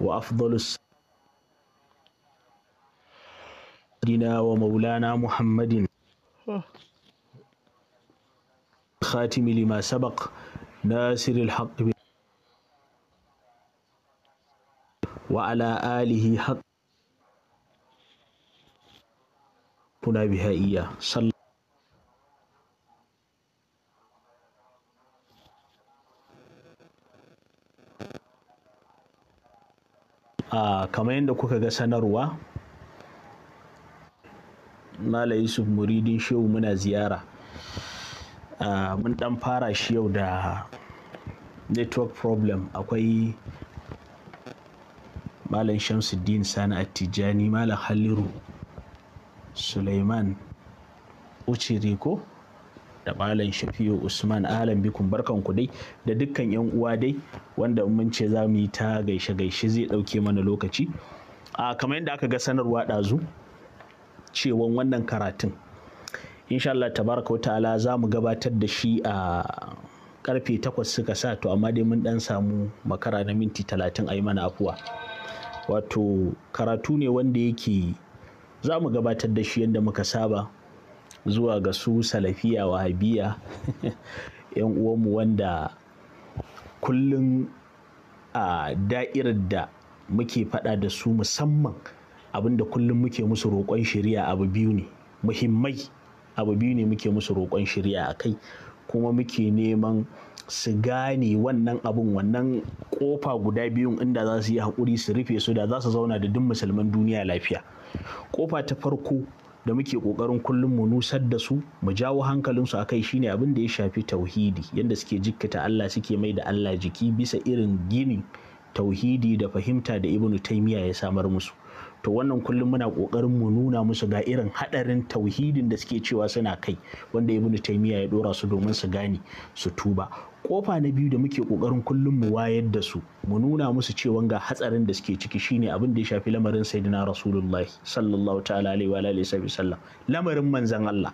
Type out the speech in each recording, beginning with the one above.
وأفضل السلام سيدنا ومولانا محمد خاتم لما سبق ناصر الحق وعلى آله حق بها إياه صلى kamar yadda kuka ga sanarwa mala yusuf muridin shehu muna ziyara mun dan fara shi yau da network problem akwai malam shamsuddin sani attijani malam halliru suleiman uciriko da malam shafi'u usman alam bikun barkan ku dai da dukkan yan uwa dai wanda mun ce za mu yi ta gaishe gaishe zai dauke mana lokaci a kamar yadda aka ga sanarwa dazu cewan wannan karatun insha Allah tabaraka wa ta'ala za mu gabatar da shi a karfe takwas suka sa to amma dai mun dan samu makara na minti talatin a yi mana afuwa wato karatu ne wanda yake za mu gabatar da shi yadda muka saba zuwa ga su salafiya wahabiya yan uwanmu wanda kullum a da'irar da muke faɗa da su musamman abinda kullum muke musu roƙon shirya abu biyu ne muhimmai abu biyu ne muke musu roƙon shirya a kai kuma muke neman su gane wannan abun wannan kofa guda biyun inda za su yi haƙuri su rufe su da za su zauna da duk musulman duniya lafiya kofa ta farko da muke ƙoƙarin kullum mu nusar da su mu jawo hankalinsu a kai shine abin da ya shafi tauhidi yadda suke jikkata Allah suke mai da Allah jiki bisa irin gini tauhidi da fahimta da ibnu taymiya ya samar musu to wannan kullum muna ƙoƙarin mu nuna musu ga irin hadarin tauhidin da suke cewa suna kai wanda ibnu taymiya ya dora su domin su gane su tuba kofa na biyu da muke kokarin kullum mu wayar da su mu nuna musu cewa ga hatsarin da suke ciki shine abin da ya shafi lamarin sayyidina rasulullahi sallallahu ta'ala alaihi wa alihi sallam lamarin manzon Allah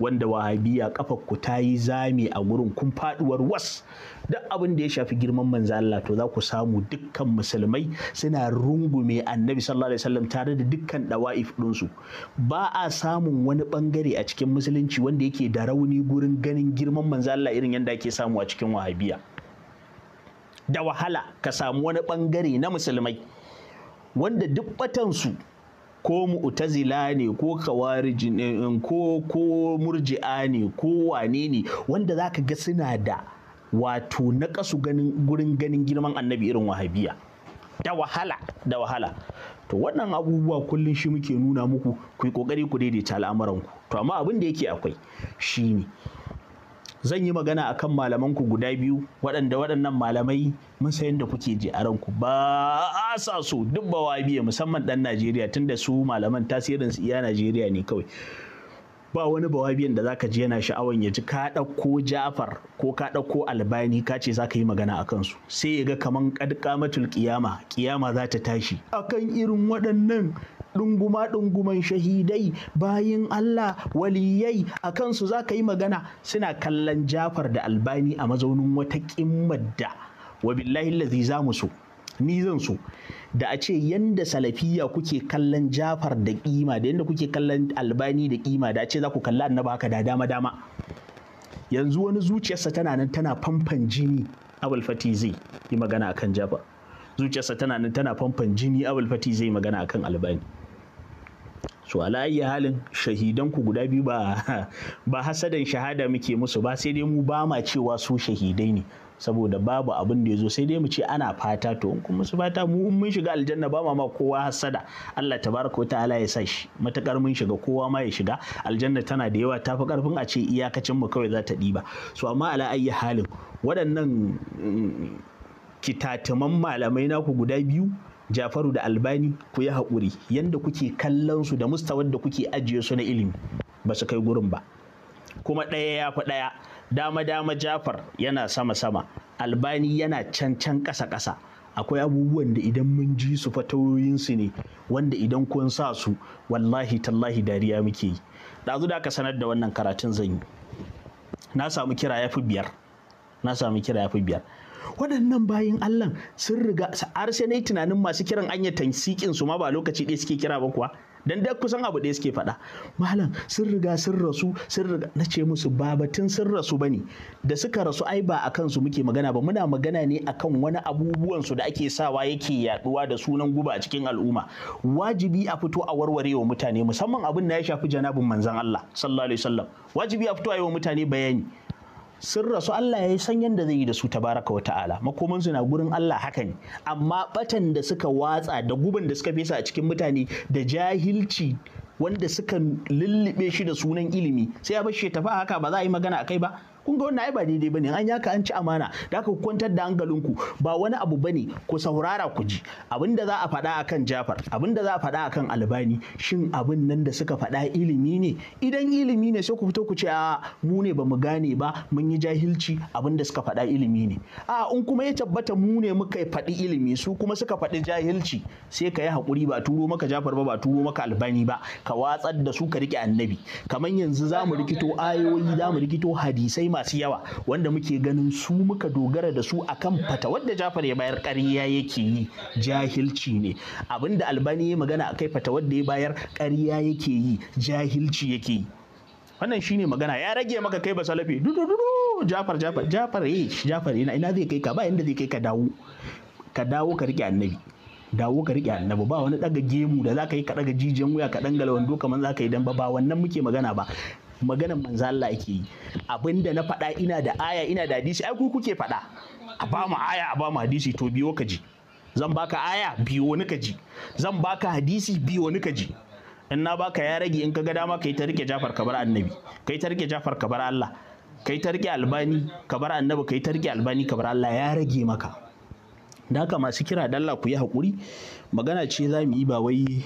wanda wahabiya kafar ku ta yi zami a gurin kun faduwar was duk abin da ya shafi girman manzo Allah to za ku samu dukkan musulmai suna rungume annabi sallallahu alaihi wasallam tare da dukkan dawa'if ɗinsu ba a samun wani bangare a cikin musulunci wanda yake da rauni gurin ganin girman manzo Allah irin yadda ake samu a cikin wahabiya da wahala ka samu wani bangare na musulmai wanda duk batansu su ko mu'tazila ne ko kawariji ne eh, ko ko murji'a ne ko wane ne wanda zaka ga suna da wato na kasu ganin gurin ganin girman annabi irin wahabiya da wahala da wahala to wannan abubuwa kullum shi muke nuna muku ku yi kokari ku daidaita al'amuranku to amma abin da yake akwai shine zan yi magana akan malamanku guda biyu waɗanda waɗannan malamai matsayin da kuke ji a ranku ba a sa su duk ba biya musamman ɗan Najeriya tunda su malaman tasirin su iya Najeriya ne kawai ba wani bawabiyan da zaka ji yana sha'awan ya ji ka ɗauko Ja'far ko ka ɗauko Albani ka ce zaka yi magana a kansu sai ya ga kaman qad matul Kiyama. za ta tashi akan irin waɗannan ɗunguma ɗunguman shahidai bayin Allah waliyai a kansu za ka yi magana suna kallon jafar da albani a mazaunin wata ƙimmar da wa billahi lazi za mu so ni zan so da a ce yanda salafiya kuke kallon jafar da kima da yanda kuke kallon albani da kima da a ce za ku kalla annaba haka da dama dama yanzu wani zuciyarsa tana nan tana famfan jini abul fati zai yi magana akan jafar zuciyarsa tana nan tana famfan jini abul fati zai magana akan albani so ala ayi halin shahidan ku guda biyu ba ba hasadan shahada muke musu ba sai dai mu ba ma cewa su shahidai ne saboda babu abin da ya zo sai dai mu ce ana fata to in kuma su fata mu mun shiga aljanna ba ma ma kowa hasada Allah tabaraka wa ta'ala ya sa shi matakar mun shiga kowa ma ya shiga aljanna tana da yawa tafi karfin a ce iyakacin mu kawai za ta diba so amma ala ayi halin waɗannan mm, kitatuman malamai naku guda biyu Jafaru da Albani ku yi haƙuri yadda kuke kallon su da mustawar da kuke ajiye su na ilimi ba su kai gurin ba kuma ɗaya ya fi ɗaya dama dama Jafar yana sama sama Albani yana can can ƙasa ƙasa akwai abubuwan da idan mun ji su su ne wanda idan kun sa su wallahi tallahi dariya muke yi ɗazu da aka sanar da wannan karatun zan yi na samu kira ya fi biyar na samu kira ya fi biyar waɗannan bayan Allah sun riga har sai nayi tunanin masu kiran anya tansikin su ma ba lokaci ɗaya suke kira ba kuwa dan da kusan abu ɗaya suke faɗa malam sun riga sun rasu sun riga na ce musu ba batun sun rasu bane da suka rasu ai ba a kansu muke magana ba muna magana ne akan wani abubuwan su da ake sawa yake yaduwa da sunan guba a cikin al'umma wajibi a fito a warware wa mutane musamman abin da ya shafi janabin manzon Allah sallallahu alaihi wasallam wajibi a fito a yi wa mutane bayani sun rasu Allah ya san yadda zai yi da su tabaraka wa ta'ala makomansu na gurin Allah haka ne amma batan da suka watsa da guban da suka fesa a cikin mutane da jahilci wanda suka lullube shi da sunan ilimi sai ya bar shi tafi haka ba za a yi magana akai ba kun ga wannan ai ba daidai bane an yaka an ci amana da ku kwantar da hankalinku ba wani abu bane ku saurara ku ji abin da za a faɗa akan Jafar abin da za a faɗa akan Albani shin abin nan da suka faɗa ilimi ne idan ilimi ne sai ku fito ku ce a mu ne ba mu gane ba mun yi jahilci abin da suka faɗa ilimi ne a in kuma ya tabbata mu ne muka faɗi ilimi su kuma suka faɗi jahilci sai ka yi hakuri ba turo maka Jafar ba ba turo maka Albani ba ka watsar da su ka rike annabi kamar yanzu za mu rikito ayoyi za mu rikito hadisai masu yawa wanda muke ganin su muka dogara da su akan fata wadda Jafar ya bayar ƙarya yake yi jahilci ne da Albani ya magana akai fata wadda ya bayar ƙarya yake yi jahilci yake yi wannan shine magana ya rage maka kai ba salafi dudududu Jafar Jafar Jafar eh Jafar ina ina zai kai ka ba inda zai kai ka dawo ka dawo ka rike annabi dawo ka rike annabi ba wani daga gemu da zaka yi ka daga jijiyan wuya ka dangala wando kaman zaka yi dan ba ba wannan muke magana ba maganan manzo Allah ake yi abinda na faɗa ina da aya ina da hadisi ai ku kuke faɗa a ba mu aya a ba mu hadisi to biyo ka ji zan baka aya biyo ni ka ji zan baka hadisi biyo ni ka ji in na baka ya rage in ka ga dama kai ta rike Jafar ka bar annabi kai ta rike Jafar ka bar Allah kai ta rike albani ka bar annabi kai ta rike albani ka bar Allah ya rage maka da haka masu kira dalla ku yi haƙuri magana ce za mu yi ba wai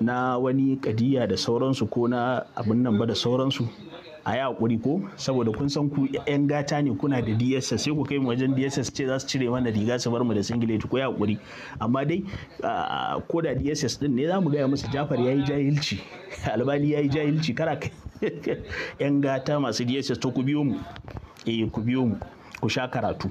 na wani kadiya da sauransu ko na abin nan ba da sauransu a yi hakuri ko saboda kun san ku yan gata ne kuna da DSS sai ku kai wajen DSS ce za su cire mana riga su bar mu da singileti ko ya hakuri amma dai ko da DSS din ne za mu gaya musu Jafar yayi jahilci albali yayi jahilci kara kai yan gata masu DSS to ku biyo mu eh ku biyo mu ku sha karatu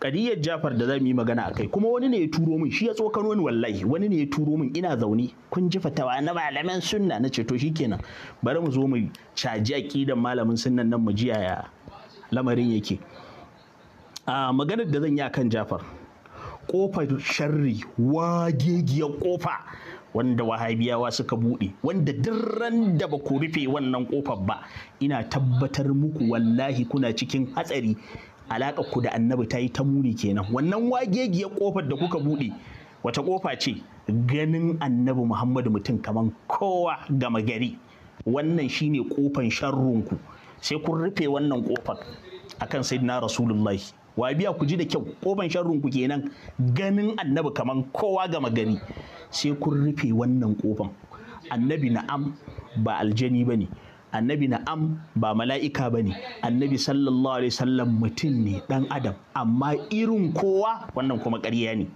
kadiyar Jafar da zamu yi magana a kai, kuma wani ne ya turo min shi ya tsokano ni wallahi wani ne ya turo min ina zaune kun ji fatawa na malaman sunna na ce to kenan, bari mu zo mu caji aqidan malamin sunnan nan mu jiya ya? lamarin yake a maganar da zan yi akan Jafar kofar sharri wagegiyar kofa wanda wahabiyawa suka bude, wanda ran da ba ku rufe wannan kofar ba ina tabbatar muku wallahi kuna cikin hatsari alaƙar ku da annabi ta yi ta muni kenan wannan wagegiyar kofar da kuka buɗe wata ƙofa ce ganin annabi muhammadu mutum kaman kowa gama gari wannan shine ƙofan sharrunku sai kun rufe wannan ƙofar akan sayyidina rasulullahi wa biya ku ji da kyau ƙofan sharrunku kenan ganin annabi kaman kowa gama gari sai kun rufe wannan ƙofan annabi na'am ba aljani ba ne annabi na'am ba mala'ika ba ne annabi sallallahu alaihi wasallam mutum ne dan adam amma irin kowa wannan kuma karya ne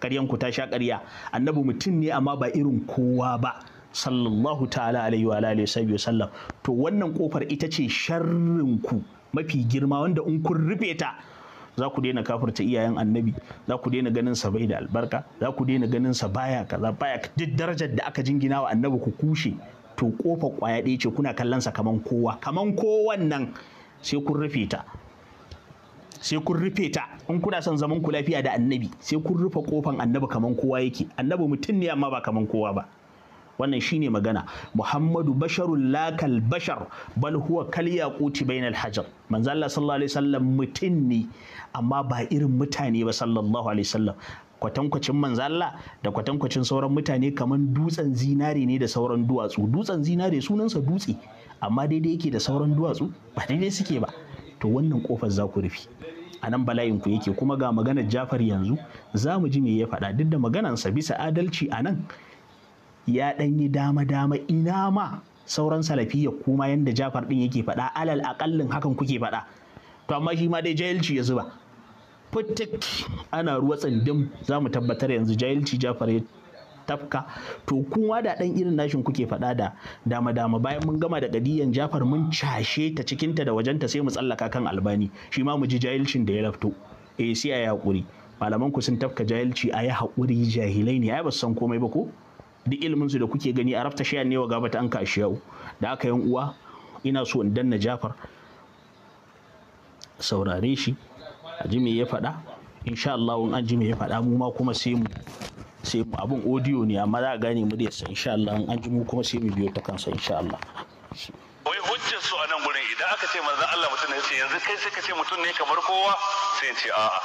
ƙaryan ku ta sha karya. annabi mutum ne amma ba irin kowa ba sallallahu ta'ala alaihi wa alihi sallam. to wannan kofar ita ce sharrin ku mafi girma wanda in kun rufe ta za ku daina kafirta iyayen annabi za ku daina ganin sa bai da albarka za ku daina ganin sa baya kaza baya duk darajar da aka jingina wa annabi ku kushe wato kofa kwaya ɗaya ce kuna kallon sa kaman kowa kaman kowan nan sai kun rufe ta sai kun rufe ta in kuna son zaman ku lafiya da annabi sai kun rufe kofan annabi kaman kowa yake annabi mutum ne amma ba kaman kowa ba wannan shine magana muhammadu basharul lakal bashar bal huwa kal yaquti bainal hajar manzo Allah sallallahu alaihi wasallam mutum ne amma ba irin mutane ba sallallahu alaihi wasallam kwatankwacin manzalla da kwatankwacin sauran mutane kamar dutsen zinare ne da sauran duwatsu dutsen zinare sunansa dutse amma daidai yake da sauran duwatsu ba daidai suke ba to wannan kofar za ku rufe a nan bala'in ku yake kuma ga maganar jafar yanzu za mu ji me ya faɗa duk da maganarsa bisa adalci a nan ya ɗan yi dama dama ina ma sauran salafiyya kuma yanda jafar ɗin yake faɗa alal aƙallin hakan kuke faɗa to amma shi ma dai jahilci ya zuba fitik ana ruwa tsandin. za mu tabbatar yanzu jahilci jafar ya tafka to kuma da ɗan irin nashin kuke faɗa da dama dama bayan mun gama da ƙadiyan jafar mun cashe ta cikinta da wajenta sai mu tsallaka kan albani shi ma mu ji jahilcin da ya rafto eh sai a yi malaman ku sun tafka jahilci a yi haƙuri jahilai ne ai ba san komai ba ko duk ilimin su da kuke gani a rafta shiyan ne wa ta an kashi yau da aka yan uwa ina so in danna jafar saurare shi a ji me ya faɗa insha Allah an ji me ya faɗa mu ma kuma sai mu sai mu abun audio ne amma za a gane mu da insha Allah an ji mu kuma sai mu biyo ta kansa insha Allah wai hujjar su a nan gurin idan aka ce manzon Allah mutum ne sai yanzu kai sai ka ce mutum ne kamar kowa sai ce a'a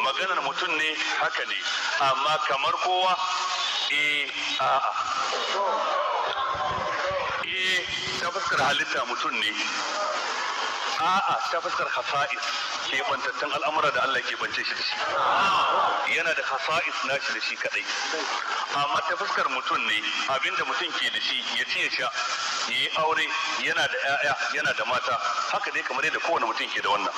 maganar mutum ne haka ne amma kamar kowa eh a'a eh ta fuskar halitta mutum ne a'a ta fuskar hafa'is kebantattun al'amura da Allah ke bance shi da shi yana da hasa'is na shi da shi kadai amma ta fuskar mutum ne abinda mutum ke da shi ya ci ya sha ya yi aure yana da 'ya'ya yana da mata haka ne kamar yadda kowane mutum ke da wannan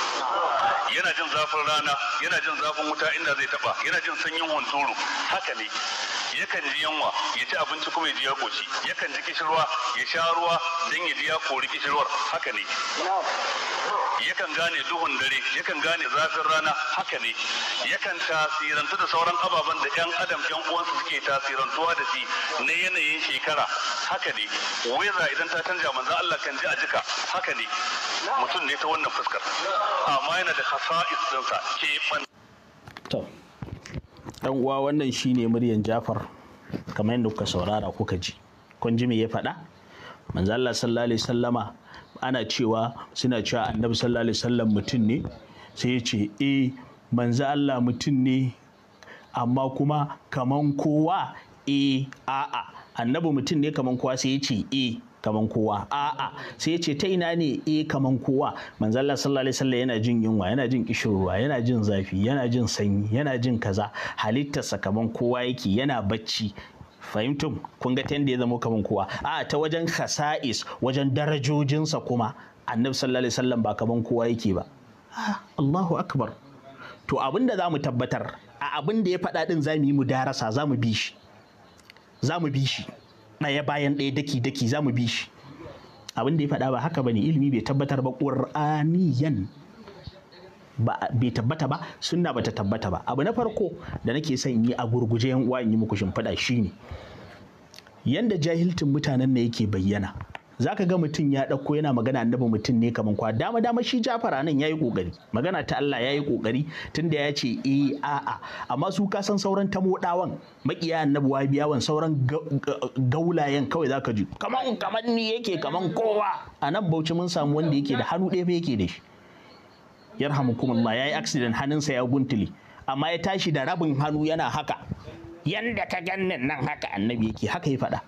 yana jin zafin rana yana jin zafin wuta inda zai taba yana jin sanyin hunturu haka ne yakan ji yunwa ya ci abinci kuma ya ji yakoci yakan ji kishirwa ya sha ruwa don ya ji ya kori kishirwar haka ne yakan gane duhun dare yakan gane zafin rana haka ne yakan tasirantu da sauran ababen da yan adam yan uwansu suke tasirantuwa da shi na yanayin shekara haka ne weza idan ta canja manzan Allah kan ji a jika haka ne mutum ne ta wannan fuskar amma yana da hasa'is ɗinsa ke to dan uwa wannan shine muryan Jafar kamar yadda kuka saurara kuka ji kun ji me ya faɗa manzo Allah sallallahu alaihi sallama ana cewa suna cewa annabi sallallahu alaihi sallam mutum ne sai ya ce eh manzo Allah mutum ne amma kuma kaman kowa eh a'a annabi mutum ne kaman kowa sai ya ce eh kaman kowa a'a sai ya ce ta ina ne eh kaman kowa manzo sallallahu alaihi wasallam yana jin yunwa yana jin kishirwa yana jin zafi yana jin sanyi yana jin kaza halittarsa kaman kowa yake yana bacci fahimtum kun ga ta ya zama kaman kowa a'a ta wajen khasa'is wajen darajojinsa kuma annabi sallallahu alaihi wasallam ba kaman kowa yake ba ah, Allahu akbar to abin da za tabbatar a abin da ya faɗa ɗin zamu yi mu darasa bi shi za bi shi ɗaya bayan ɗaya daki daki za mu bi shi abin da ya faɗa ba haka bane ilimi bai tabbatar ba ƙur'aniyan bai tabbata ba sunna bata tabbata ba abu na farko da nake son yi a gurguje yan uwa in yi muku shimfiɗa shine yanda jahilcin mutanen ne yake bayyana Za ka ga mutum ya ɗauko yana magana annabi mutum ne kaman kwa dama dama shi Jafara nan ya yi ƙoƙari. magana ta Allah ya yayi kokari tunda ya ce e, a'a amma su ka san sauran tamodawan makiya annabi wa wabiyawan sauran gaulayen kawai za ka ji kaman kaman ni yake kaman kowa a nan Bauchi mun samu wanda yake da hannu ɗaya yake da shi yarhamukumullah yayi accident hannunsa ya guntule amma ya tashi da rabin hannu yana haka yanda ka gannin nan haka annabi yake haka ya faɗa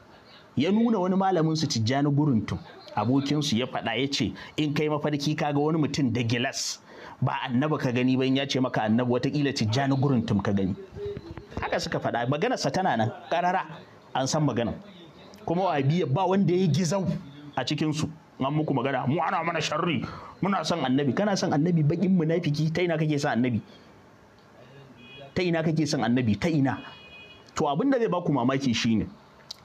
ya nuna wani malamin su tijjani guruntum abokinsu ya faɗa ya ce in kai mafarki kaga wani mutum da gilas ba annaba ka gani ba in ya ce maka annabi watakila tijjani guruntum ka gani haka suka faɗa maganarsa tana nan karara an san magana. kuma wa biya ba wanda ya yi gizau a cikinsu an muku magana mu ana mana sharri muna son annabi kana son annabi bakin munafiki ta ina kake son annabi ta ina kake son annabi ta ina to abin da zai baku mamaki shine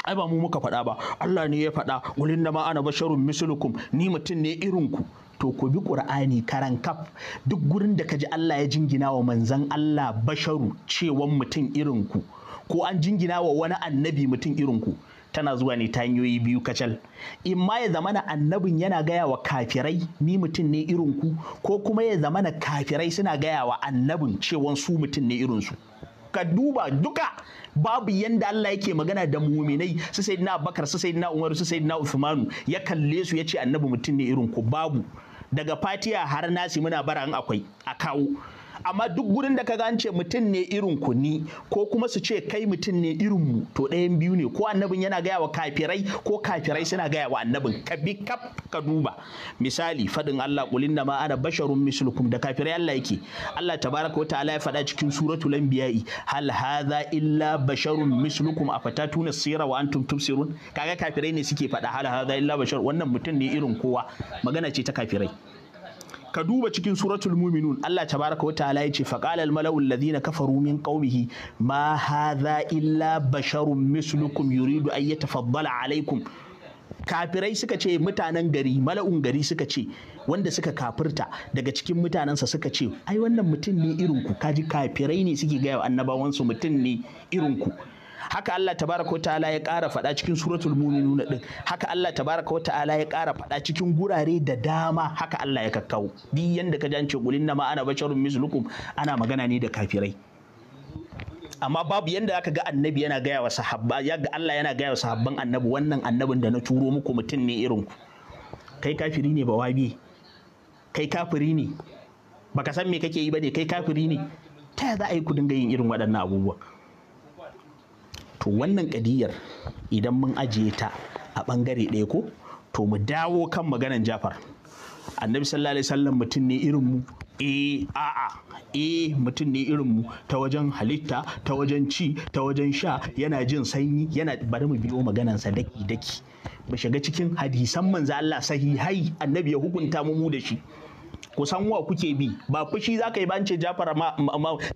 ai ba mu muka faɗa ba Allah ne ya faɗa gulin da ma ana basharun mislukum ni mutum ne irin ku to ku bi qur'ani karan kaf duk gurin da kaji Allah ya jingina wa manzan Allah basharu cewan mutum irin ku ko an jingina wa wani annabi mutum irin ku tana zuwa ne ta hanyoyi biyu kacal in ma ya zamana annabin yana gaya wa kafirai ni mutum ne irin ku ko kuma ya zamana kafirai suna gaya wa annabin cewan su mutum ne irin su ka duba duka babu yanda Allah yake magana da muminai su na bakar su na Umar su na Usmanu, ya kalle su ya ce annabi mutum ne irin ku babu daga fatiya har nasi muna bara an akwai a kawo amma duk gurin da ka an mutum ne irin ku ni ko kuma su ce kai mutum ne irin mu to ɗayan biyu ne ko annabin yana gaya wa kafirai ko kafirai suna gaya wa annabin ka bi kaf ka duba misali fadin Allah qulin ma ana basharun mislukum da kafirai Allah yake Allah tabaraka wa ta'ala ya faɗa cikin suratul anbiya hal hadha illa basharun mislukum afatatuna sira wa antum tubsirun kaga kafirai ne suke faɗa hal hadha illa bashar wannan mutum ne irin kowa magana ce ta kafirai ka duba cikin suratul muminun Allah tabaraka wa ta'ala yace qala al mala'u alladhina kafaru min qaumihi ma hadha illa basharun mislukum yuridu an yatafaddala alaikum kafirai suka ce mutanen gari mala'un gari suka ce wanda suka kafirta daga cikin mutanensa suka ce ai wannan mutum ne irinku kaji kafirai ne suke gaya annabawansu mutum ne irinku haka Allah tabaraka ya ƙara faɗa cikin suratul nuna ɗin. haka Allah tabaraka ya ƙara faɗa cikin gurare da dama haka Allah ya kakkawo duk yanda ka jance kulin na ma ana basharun mislukum ana magana ne da kafirai amma babu yadda aka ga annabi yana gaya wa sahabba ya ga Allah yana gaya wa sahabban annabi wannan annabin da na turo muku mutum ne irin ku kai kafiri ne ba wabi kai kafiri ne baka san me kake yi ba ne kai kafiri ne ta za a yi ku dinga yin irin waɗannan abubuwa to wannan kadiyar idan mun ajiye ta a bangare ɗaya ko to mu dawo kan maganan jafar annabi sallallahu alaihi wasallam mutum ne irin mu eh a'a eh mutum ne irin mu ta wajen halitta ta wajen ci ta wajen sha yana jin sanyi yana bari mu biyo sa daki daki Ba shiga cikin hadisan manzo Allah sahihai annabi ya hukunta mu mu da shi ku san wa kuke bi ba fushi za ka yi ba ce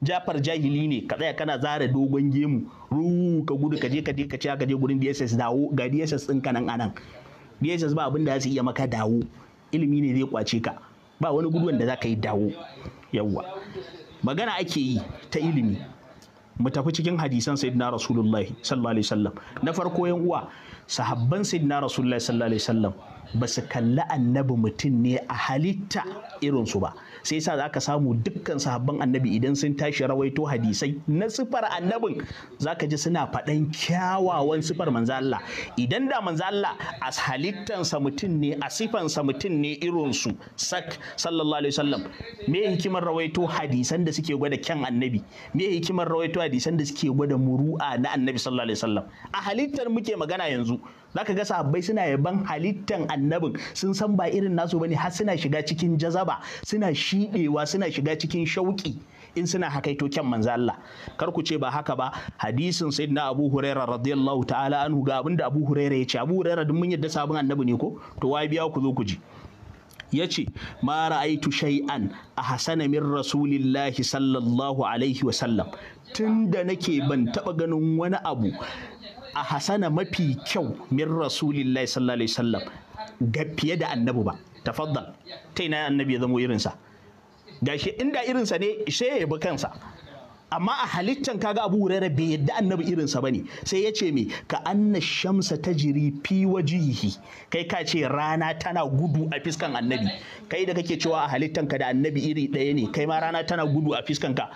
jafar jahili ne ka tsaya kana zara dogon gemu ru ka gudu ka je ka je ka ce ka je gurin DSS dawo ga DSS din kanan anan DSS ba abin da za su iya maka dawo ilimi ne zai kwace ka ba wani guduwan da za ka yi dawo yawwa magana ake yi ta ilimi mu tafi cikin hadisan sayyidina rasulullahi sallallahu alaihi wasallam na farko yan uwa sahabban sayyidina rasulullahi sallallahu alaihi wasallam ba su kalli annabi mutum ne a halitta irinsu ba sai sa za ka samu dukkan sahabban annabi idan sun tashi rawaito hadisai na siffar annabin za ka ji suna faɗan kyawawan sifar manzo Allah idan da manzo Allah a halittansa mutum ne a sifansa mutum ne irinsu sak sallallahu alaihi wasallam me hikimar rawaito hadisan da suke gwada kyan annabi me hikimar rawaito hadisan da suke gwada muru'a na annabi sallallahu alaihi wasallam a halittar muke magana yanzu zaka ga sahabbai suna yaban halittan annabin sun san ba irin nasu bane har suna shiga cikin jazaba suna shidewa suna shiga cikin shauki in suna hakaito kyan manzo Allah kar ku ce ba haka ba hadisin sayyidina Abu Huraira radiyallahu ta'ala anhu ga abinda Abu Huraira ya ce Abu Huraira duk mun yadda sabon annabi ne ko to wai biya ku zo ku ji ya ce ma ra'aitu shay'an a hasana min rasulillahi sallallahu alaihi wasallam tun da nake ban taba ganin wani abu a hasana mafi kyau min rasulillahi sallallahu alaihi wasallam ga fiye da annabi ba tafaddal ta ina annabi ya zamo irinsa gashi inda irinsa ne sai ya bi kansa amma a halittan kaga abu hurairah bai yadda annabi irinsa ne. sai ya ce me ka anna shamsa tajri fi wajihi kai ka ce rana tana gudu a fiskan annabi kai da kake cewa a halittan ka da annabi iri ɗaya ne kai ma rana tana gudu a fiskan ka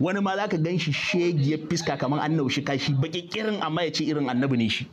wani ma ka gan shi shegiyar fiska kamar an naushi kashi baƙi kirin amma ya ce irin annabi ne shi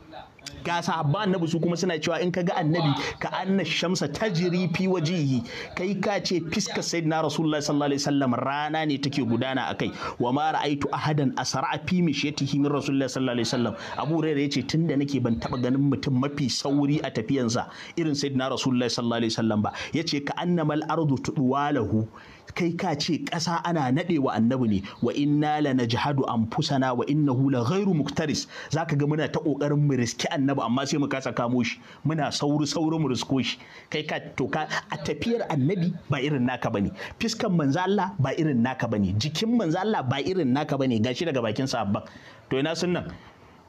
ga sahabba annabi su kuma suna cewa in ka ga annabi ka anna shamsa tajri fi wajihi kai ka ce fiska sayyidina rasulullah sallallahu alaihi wasallam rana ne take gudana akai wa ma ra'aitu ahadan asra'a fi mishyatihi min rasulullah sallallahu alaihi wasallam abu hurairah yace tunda nake ban taba ganin mutum mafi sauri a tafiyansa irin sayyidina rasulullah sallallahu alaihi wasallam ba yace ka annamal ardu tudwalahu kai ka ce ƙasa ana naɗe wa annabi ne wa inna la najhadu anfusana wa innahu la ghairu muktaris zaka ga muna ta kokarin mu riski annabi amma sai mu kasa kamo shi muna sauri sauri mu risko shi kai ka to ka a tafiyar annabi ba irin naka bane fiskan manzo Allah ba irin naka bane jikin manzo Allah ba irin naka bane gashi daga bakin sahabban to ina sunnan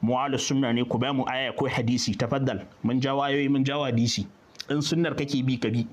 mu'alus sunna ne ku ba mu aya ko hadisi tafaddal mun jawayoyi mun jawa hadisi in sunnar kake bi ka bi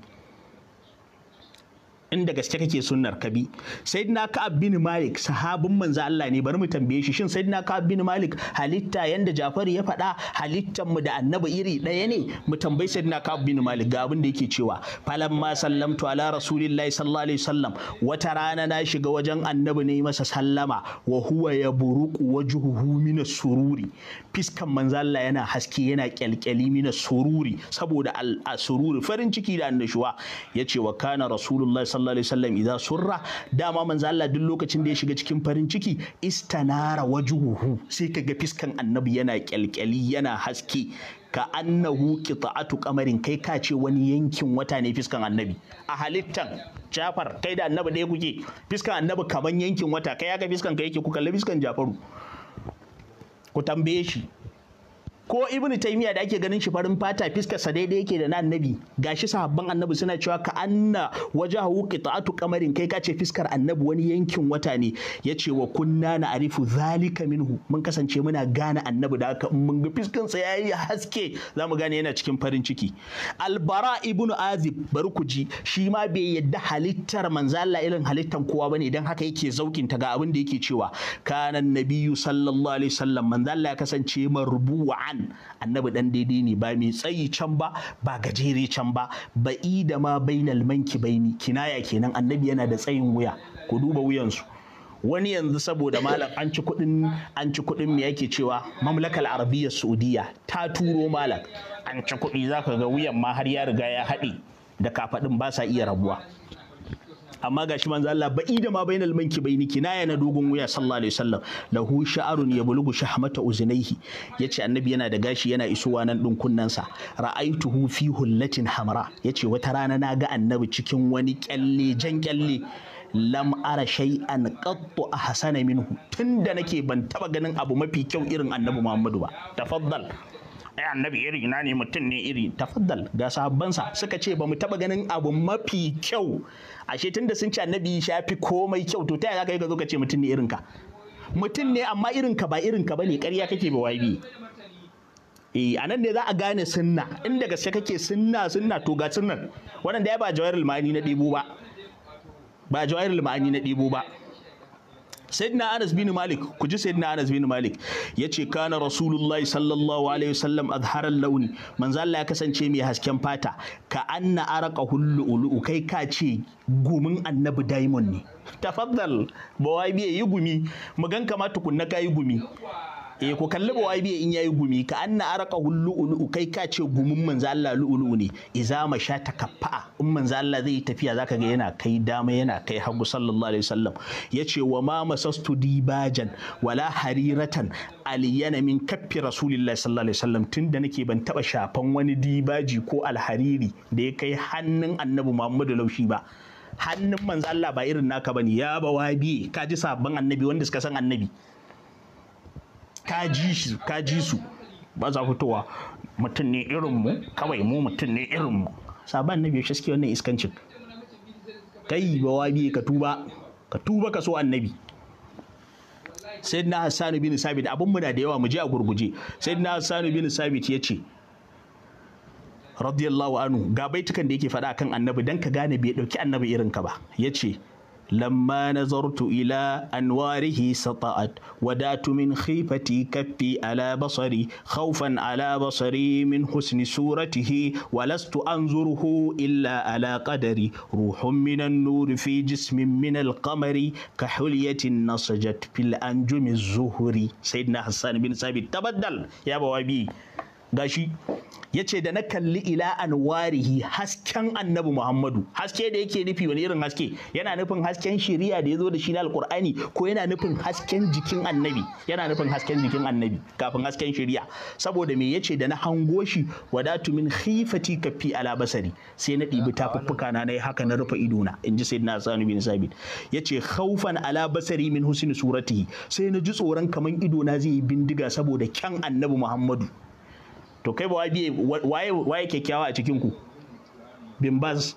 inda gaske kake sunnar kabi. bi sayyidina ka'ab bin malik sahabin manzo Allah ne bari mu tambaye shi shin sayyidina ka'ab bin malik halitta yanda jafari ya faɗa halittan mu da annabi iri ɗaya ne mu tambayi sayyidina ka'ab bin malik ga abin da yake cewa falamma sallamtu ala rasulillahi sallallahu alaihi wasallam wata rana na shiga wajen annabi ne masa sallama wa huwa yaburuqu wajhuhu min sururi fiskan manzo Allah yana haske yana kyalkyali min sururi saboda al sururi farin ciki da annashuwa yace wa kana rasulullahi sallallahu alaihi wasallam idza surra dama manzo Allah duk lokacin da ya shiga cikin farin ciki istanara wajuhu sai kaga fiskan annabi yana kyalkyali yana haske ka annahu qita'atu qamarin kai ka ce wani yankin wata ne fiskan annabi a halittan Jafar kai da annabi ɗaya kuke fiskan annabi kaman yankin wata kai ya ga fiskan ka yake ku kalli fiskan Jafaru ku tambaye shi ko ibnu taymiya da ake ganin shi farin fata fiskar sa daidai yake da na annabi gashi sahabban annabi suna cewa ka anna wajahu qita'atu qamarin kai kace fiskar annabi wani yankin wata ne yace wa kunna na arifu zalika minhu mun kasance muna gane annabi da haka mun ga fiskan sa yayi haske zamu gane yana cikin farin ciki albara ibnu azib bari ku ji shi ma bai yadda halittar manzo Allah irin halittar kowa bane idan haka yake zaukinta ga abin da yake cewa Kanan nabiyyu sallallahu alaihi wasallam manzo Allah ya kasance marbu'an an annabi dan daidai ne ba mai tsayi can ba ba gajere can ba ba'i da ma bainal manki baini kinaya kenan annabi yana da tsayin wuya ku duba wuyansu wani yanzu saboda malam an ci kuɗin an ci kuɗin me yake cewa mamlakar arabiyyar saudiya ta turo malam an ci kuɗi zaka ga wuyan ma har ya riga ya haɗe da kafaɗin ba sa iya rabuwa amma shi manzo Allah ba'i da ma bainal manki bainiki na yana dogon wuya sallallahu alaihi wasallam lahu sha'arun yablugu shahmata uzunaihi yace annabi yana da gashi yana isowa nan din kunnansa ra'aituhu fi hullatin hamra yace wata rana na ga annabi cikin wani kyalle jan kyalle lam ara shay'an qattu ahsana minhu tunda nake ban taba ganin abu mafi kyau irin annabi Muhammadu ba tafaddal ai annabi iri ina ne mutum ne iri tafaddal ga sabansa suka ce ba mu taba ganin abu mafi kyau ashe tunda sun ce annabi shafi komai kyau to ta yaya kai ka zo ka ce mutum ne irinka mutum ne amma irinka ba irinka bane ƙarya kake ba wabi eh anan ne za a gane sunna inda gaske kake sunna sunna to ga sunnan wannan da ya ba jawairul ma'ani na dibo ba ba jawairul ma'ani na dibo ba sayyidina Anas bin Malik ku ji sayyidina Anas bin Malik yace kana rasulullahi sallallahu alaihi wasallam azharal launi manzo Allah ya kasance mai hasken fata ka anna araka hullu kai ka ce gumin annabi diamond ne tafaddal bawai biye yi gumi mu ganka ma tukunna kai gumi eh ku kalli ba biya in yayi gumi ka anna araka hullu'ulu kai ka ce gumin manzo Allah lu'ulu ne iza ma sha takaffa in manzo Allah zai tafiya zaka ga yana kai dama yana kai hagu sallallahu alaihi wasallam yace wa ma masastu dibajan wala hariratan aliyana min kaffi rasulillahi sallallahu alaihi wasallam tunda nake ban taba shafan wani dibaji ko alhariri da ya kai hannun annabi Muhammadu laushi ba hannun manzo Allah ba irin naka bane ya wabi ka ji sabon annabi wanda suka san annabi ka ji shi ka ji su ba za fitowa mutum ne irin mu kawai mu mutum ne irin mu saban na yaushe shaske wannan iskancin kai ba biye ka tuba ka tuba ka so annabi sai na hassanu bin sabit abin muna da yawa mu je a gurguje sai na hassanu bin sabit ya ce radiyallahu anhu ga baitukan da yake faɗa kan annabi dan ka gane bai ɗauki annabi irin ka ba ya ce لما نظرت إلى أنواره سطأت ودات من خيفتي كفي على بصري خوفا على بصري من حسن صورته ولست أنظره إلا على قدري روح من النور في جسم من القمر كحلية نسجت في الأنجم الزهري سيدنا حسان بن ثابت تبدل يا بوابي gashi ya ce da na kalli ila warihi hasken annabi muhammadu haske da yake nufi wani irin haske yana nufin hasken shiriya da ya zo da shi na alkur'ani ko yana nufin hasken jikin annabi yana nufin hasken jikin annabi kafin hasken shiriya saboda me yace da na hango shi wadatu min khifati kafi ala basari sai na ɗibi tafuffuka na nayi haka na rufe idona in ji sayyidina hasan bin sabit yace khaufan ala basari min husni suratihi sai na ji tsoron kaman idona zai yi bindiga saboda kyan annabi muhammadu to kai ba waye waye kyakkyawa a cikin ku bimbas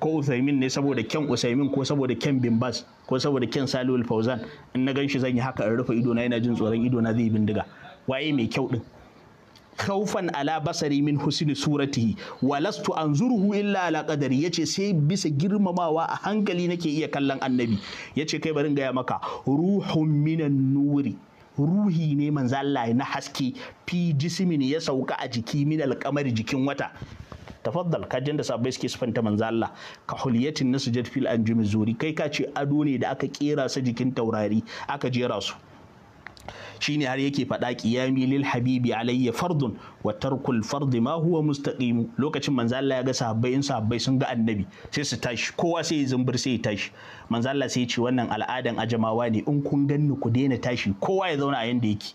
ko usaimin ne saboda kyan usaimin ko saboda kyan bimbas ko saboda kyan salihul fauzan in na ganshi zan yi haka in rufe ido na yana jin tsoron ido na zai bindiga waye mai kyau din khaufan ala basari min husni suratihi walastu anzuruhu illa ala qadari yace sai bisa girmamawa a hankali nake iya kallon annabi yace kai barin gaya maka ruhun minan nuri ruhi ne manzo Allah na haske fi jismin ya sauka a jiki min alkamar jikin wata tafaddal ka da sabai suke sufanta manzalla Allah ka huliyatin nasu fil anjumi zuri kai ka ce ado ne da aka kera sa jikin taurari aka jera su shine har yake faɗa ƙiyami lil habibi alayya fardun wa tarkul fardi ma huwa mustaqim lokacin manzo Allah ya ga sahabbai in sahabbai sun ga annabi sai su tashi kowa sai ya zumbur sai ya tashi manzo Allah sai ya ce wannan al'adan ajamawa ne in kun ganni ku daina tashi kowa ya zauna a yanda yake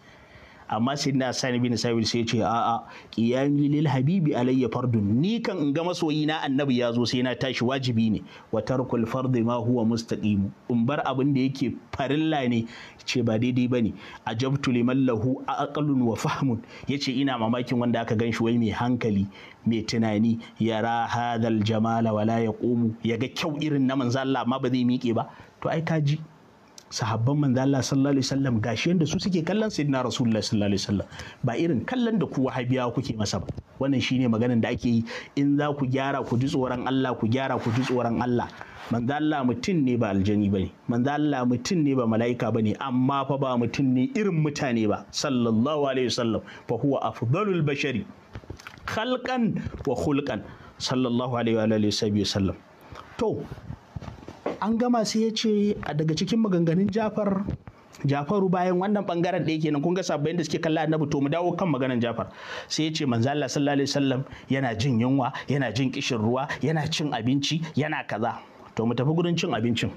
amma sai na sani bin sabit sai ce a'a qiyami lil habibi alayya fardun ni kan in ga masoyi na annabi ya zo sai na tashi wajibi ne wa tarkul fardi ma huwa mustaqim in bar abin da yake farilla ne ce ba daidai bane ajabtu liman lahu aqlun wa fahmun yace ina mamakin wanda aka ganshi wai mai hankali mai tunani yara hadal jamala wala yaqumu yaga kyau irin na manzo Allah amma ba zai miƙe ba to ai kaji sahabban manzo Allah sallallahu alaihi wasallam gashi yanda su suke kallon sayyidina rasulullahi sallallahu alaihi wasallam ba irin kallon da ku wahabiyawa kuke masa ba wannan shine maganan da ake yi in za ku gyara ku ji tsoron Allah ku gyara ku ji tsoron Allah manzo Allah mutum ne ba aljani bane manzo Allah mutum ne ba mala'ika bane amma fa ba mutum ne irin mutane ba sallallahu alaihi wasallam fa huwa afdalul bashari khalqan wa khulqan sallallahu alaihi wa alihi wasallam to an gama sai ya ce a daga cikin maganganun jafar jafaru bayan wannan bangaren da yake kun ga sabbin da suke kalla annabi to mu dawo kan maganar jafar sai ya ce manzo Allah sallallahu alaihi wasallam yana jin yunwa yana jin kishin ruwa yana cin abinci yana kaza to mu tafi gurin cin abincin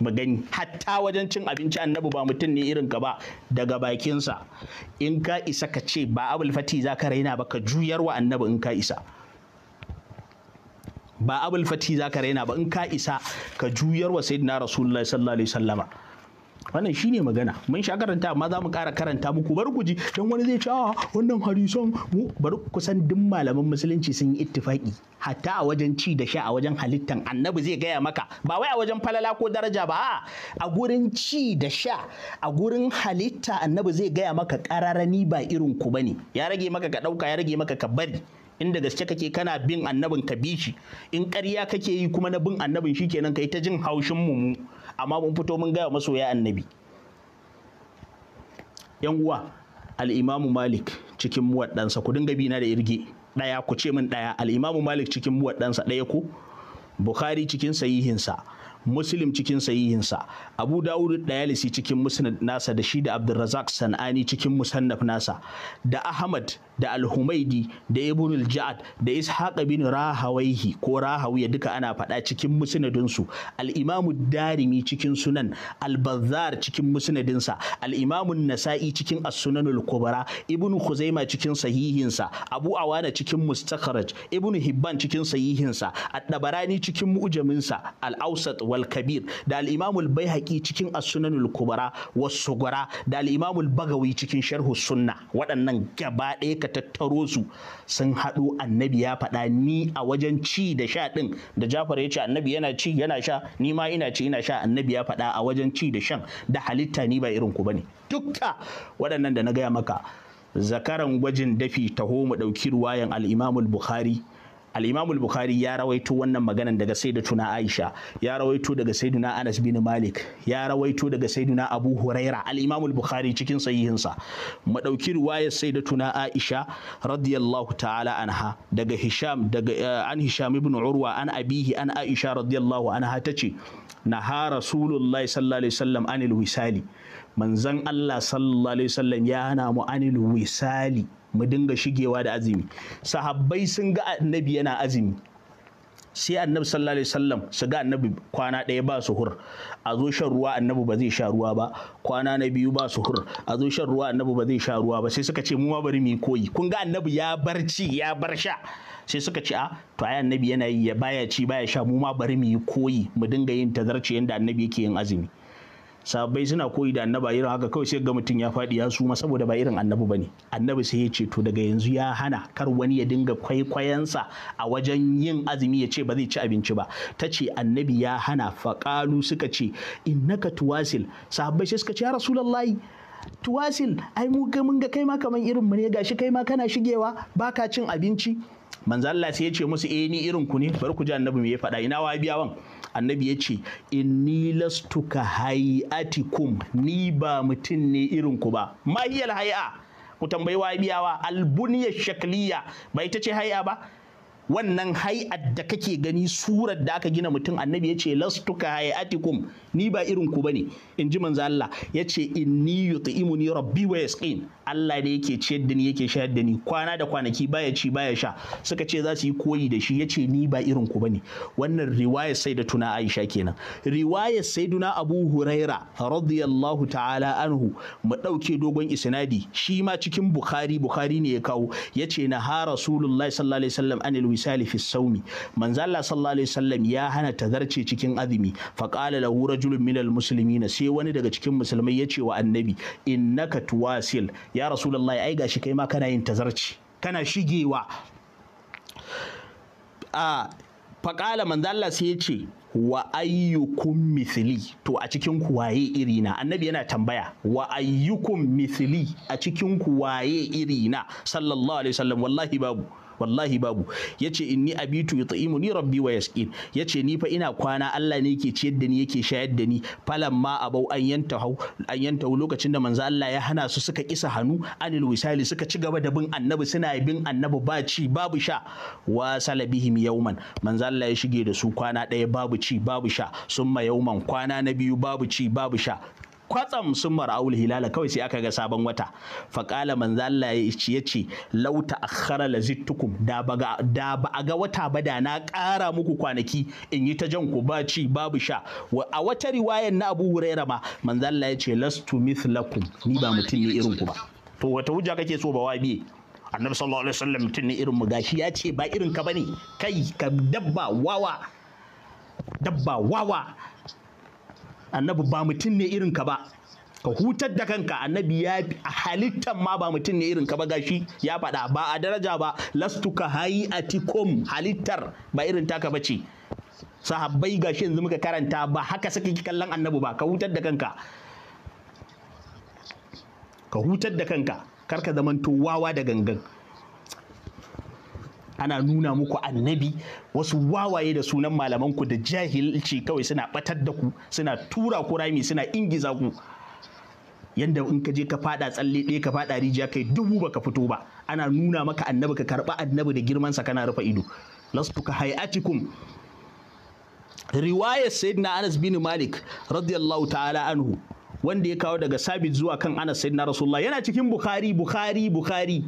mu gani hatta wajen cin abinci annabi ba mutum ne irin ka ba daga bakinsa in ka isa ka ce ba abul fati za ka raina ba ka juyarwa annabi in ka isa ba abul fati za ka raina ba in ka isa ka juyar wa sayyidina rasulullahi sallallahu alaihi wasallama wannan shine magana mun sha karanta amma za mu ƙara karanta muku bar ku ji dan wani zai ce a ah, wannan harisan mu bari duk malaman musulunci sun yi ittifaki hatta a wajen ci da sha a wajen halittan annabi zai gaya maka ba wai a wajen falala ko daraja ba a gurin ci da sha a gurin halitta annabi zai gaya maka ƙararani ba irin ku bane ya rage maka ka ɗauka ya rage maka ka bari inda gaske kake kana bin annabin ka bi shi in ƙarya kake yi kuma na bin annabin shi kenan kai ta jin haushin mu mu amma mun fito mun gaya masoya annabi yan uwa al malik cikin muwaddansa ku dinga bi na da irge daya ku ce min daya al'imamu malik cikin muwaddansa daya ku bukhari cikin sahihinsa muslim cikin sahihinsa abu dawud dayalisi cikin musnad nasa da shi da abdurrazak sanani cikin musannaf nasa da ahmad da alhumaidi da ibn al-ja'ad da ishaq bin rahawaihi ko rahawiya duka ana faɗa cikin musnadinsu al-imamu darimi cikin sunan al-bazzar cikin musnadinsa al-imamu nasa'i cikin as-sunanul kubra ibn khuzaima cikin sahihinsa abu awana cikin mustakhraj ibn hibban cikin sahihinsa at-tabarani cikin mu'jaminsa al-awsat wal kabir da al-imam al-baihaqi cikin as-sunan al-kubra was sugura da al-imam al-bagawi cikin Sharhu sunna waɗannan gaba ɗaya ka tattaro su sun haɗu annabi ya faɗa ni a wajen ci da sha ɗin da Jafar ya ce annabi yana ci yana sha ni ma ina ci ina sha annabi ya faɗa a wajen ci da shan da halitta ni ba irin ku bane dukka waɗannan da na gaya maka zakaran gwajin dafi taho mu ɗauki ruwayan al-imam al-bukhari al-imamul bukhari ya rawaito wannan maganan daga sayyidatuna aisha ya rawaito daga sayyiduna anas bin malik ya rawaito daga saiduna abu huraira al-imamul bukhari cikin sahihinsa mu dauki riwayar sayyidatuna aisha radiyallahu ta'ala anha daga hisham daga eh, an hisham ibn urwa an abihi an aisha radiyallahu anha tace naha rasulullahi sallallahu alaihi wasallam anil wisali manzon Allah sallallahu alaihi wasallam ya hana mu anil wisali mu dinga shigewa da azumi sahabbai sun ga annabi yana azumi sai annabi sallallahu alaihi wasallam su ga annabi kwana ɗaya ba suhur a zo shan ruwa annabi ba zai sha ruwa ba kwana na biyu ba suhur a zo shan ruwa annabi ba zai sha ruwa ba sai suka ce mu ma bari mu yi koyi kun ga annabi ya barci ya bar sha sai suka ce a ah, to ai annabi yana yi ya baya ci baya sha mu ma bari mu yi koyi mu dinga yin tazarci yanda annabi yake yin azumi sabai suna koyi da annaba irin haka kawai sai ga mutum ya faɗi ya suma saboda ba irin annabi bane annabi sai ya ce to daga yanzu ya hana kar wani ya dinga kwaikwayansa a wajen yin azumi ya ce ba zai ci abinci ba ta ce annabi ya hana faƙalu suka ce innaka tuwasil sabai sai suka ce ya rasulullahi tuwasil ai mu ga mun ga kai ma kaman irin mu ne gashi kai ma kana shigewa baka cin abinci manzo Allah sai ya ce musu eh ni irin ku ne bari ku ji annabi me ya faɗa ina wan annabi ya ce inni lastuka hayatikum ni ba mutum ne irin ku ba mahiyal hay'a ku tambayi wa albuniya shakliya ba ita ce hay'a ba wannan hay'ar da kake gani surar da aka gina mutum annabi ya ce lastuka hayatikum ni ba irin ku bane in ji manzo Allah ya ce inni yut'imuni rabbi wa yasqin Allah ne yake ciyar da ni yake shayar da ni kwana da kwanaki baya ci baya sha suka ce za su yi koyi da shi ya ce ni ba irin ku bane wannan riwayar sai da tuna Aisha kenan riwayar saiduna Abu Huraira radiyallahu ta'ala anhu mu dauke dogon isnadi shi ma cikin Bukhari Bukhari ne ya kawo ya ce na ha Rasulullahi sallallahu alaihi wasallam anil wisali fi saumi manzo Allah sallallahu alaihi wasallam ya hana tazarce cikin azumi faqala lahu rajulun minal muslimina sai wani daga cikin musulmai ya ce wa annabi innaka tuwasil ya rasulullahi ai gashi kai ma kana yin tazarci kana shigewa a faƙala manzo Allah sai ya ce wa ayyukum misli to a cikin ku waye na annabi yana tambaya wa ayyukum misli a cikin ku waye na sallallahu alaihi wasallam wallahi babu wallahi babu yace inni abitu yut'imuni rabbi wa yasqin yace ni fa ina kwana Allah ne yake ciyar da ni yake shayar da ni falan ma abau an yanta hau lokacin da manzo Allah ya hana su suka kisa hannu anil wisali suka ci gaba da bin annabi suna bin annabi ba ci babu sha wa salabihim yauman manzo Allah ya shige da su kwana ɗaya babu ci babu sha summa yauman kwana na biyu babu ci babu sha kwatsam sun mara'ul hilala kawai sai aka ga sabon wata faƙala manzo Allah ya ce lauta akhara lazittukum da ba a ga wata ba da na ƙara muku kwanaki in yi ta jan ku ba ci babu sha a wata riwayar na Abu Huraira ma manzo Allah ya ce lastu mithlakum ni ba mutum ne irin ku ba to wata hujja kake so ba wa biye annabi sallallahu alaihi wasallam mutum ne irin mu gashi ya ce ba irin ka bane kai ka dabba wawa dabba wawa annabi ba mutum ne irin ka ba ka hutar da kanka annabi ya a halittan ma ba mutum ne irin ka ba gashi ya faɗa ba a daraja ba lastuka tikom halittar ba irin taka ba ce. sahabbai gashi yanzu muka karanta ba haka suka ki kallon annabi ba ka hutar da kanka ka hutar da kanka karka zamanto wawa da gangan ana nuna muku annabi wasu wawaye da sunan malamanku da jahilci kawai suna batar da ku suna tura ku rami suna ingiza ku yanda in ka je ka fada tsalle ɗaya ka fada rijiya kai dubu baka fito ba ana nuna maka annabi ka karba annabi da girman sa kana rufe ido lastu ka hayatikum riwayar sayyidina Anas bin Malik radiyallahu ta'ala anhu wanda ya kawo daga sabit zuwa kan Anas sayyidina Rasulullah yana cikin Bukhari Bukhari Bukhari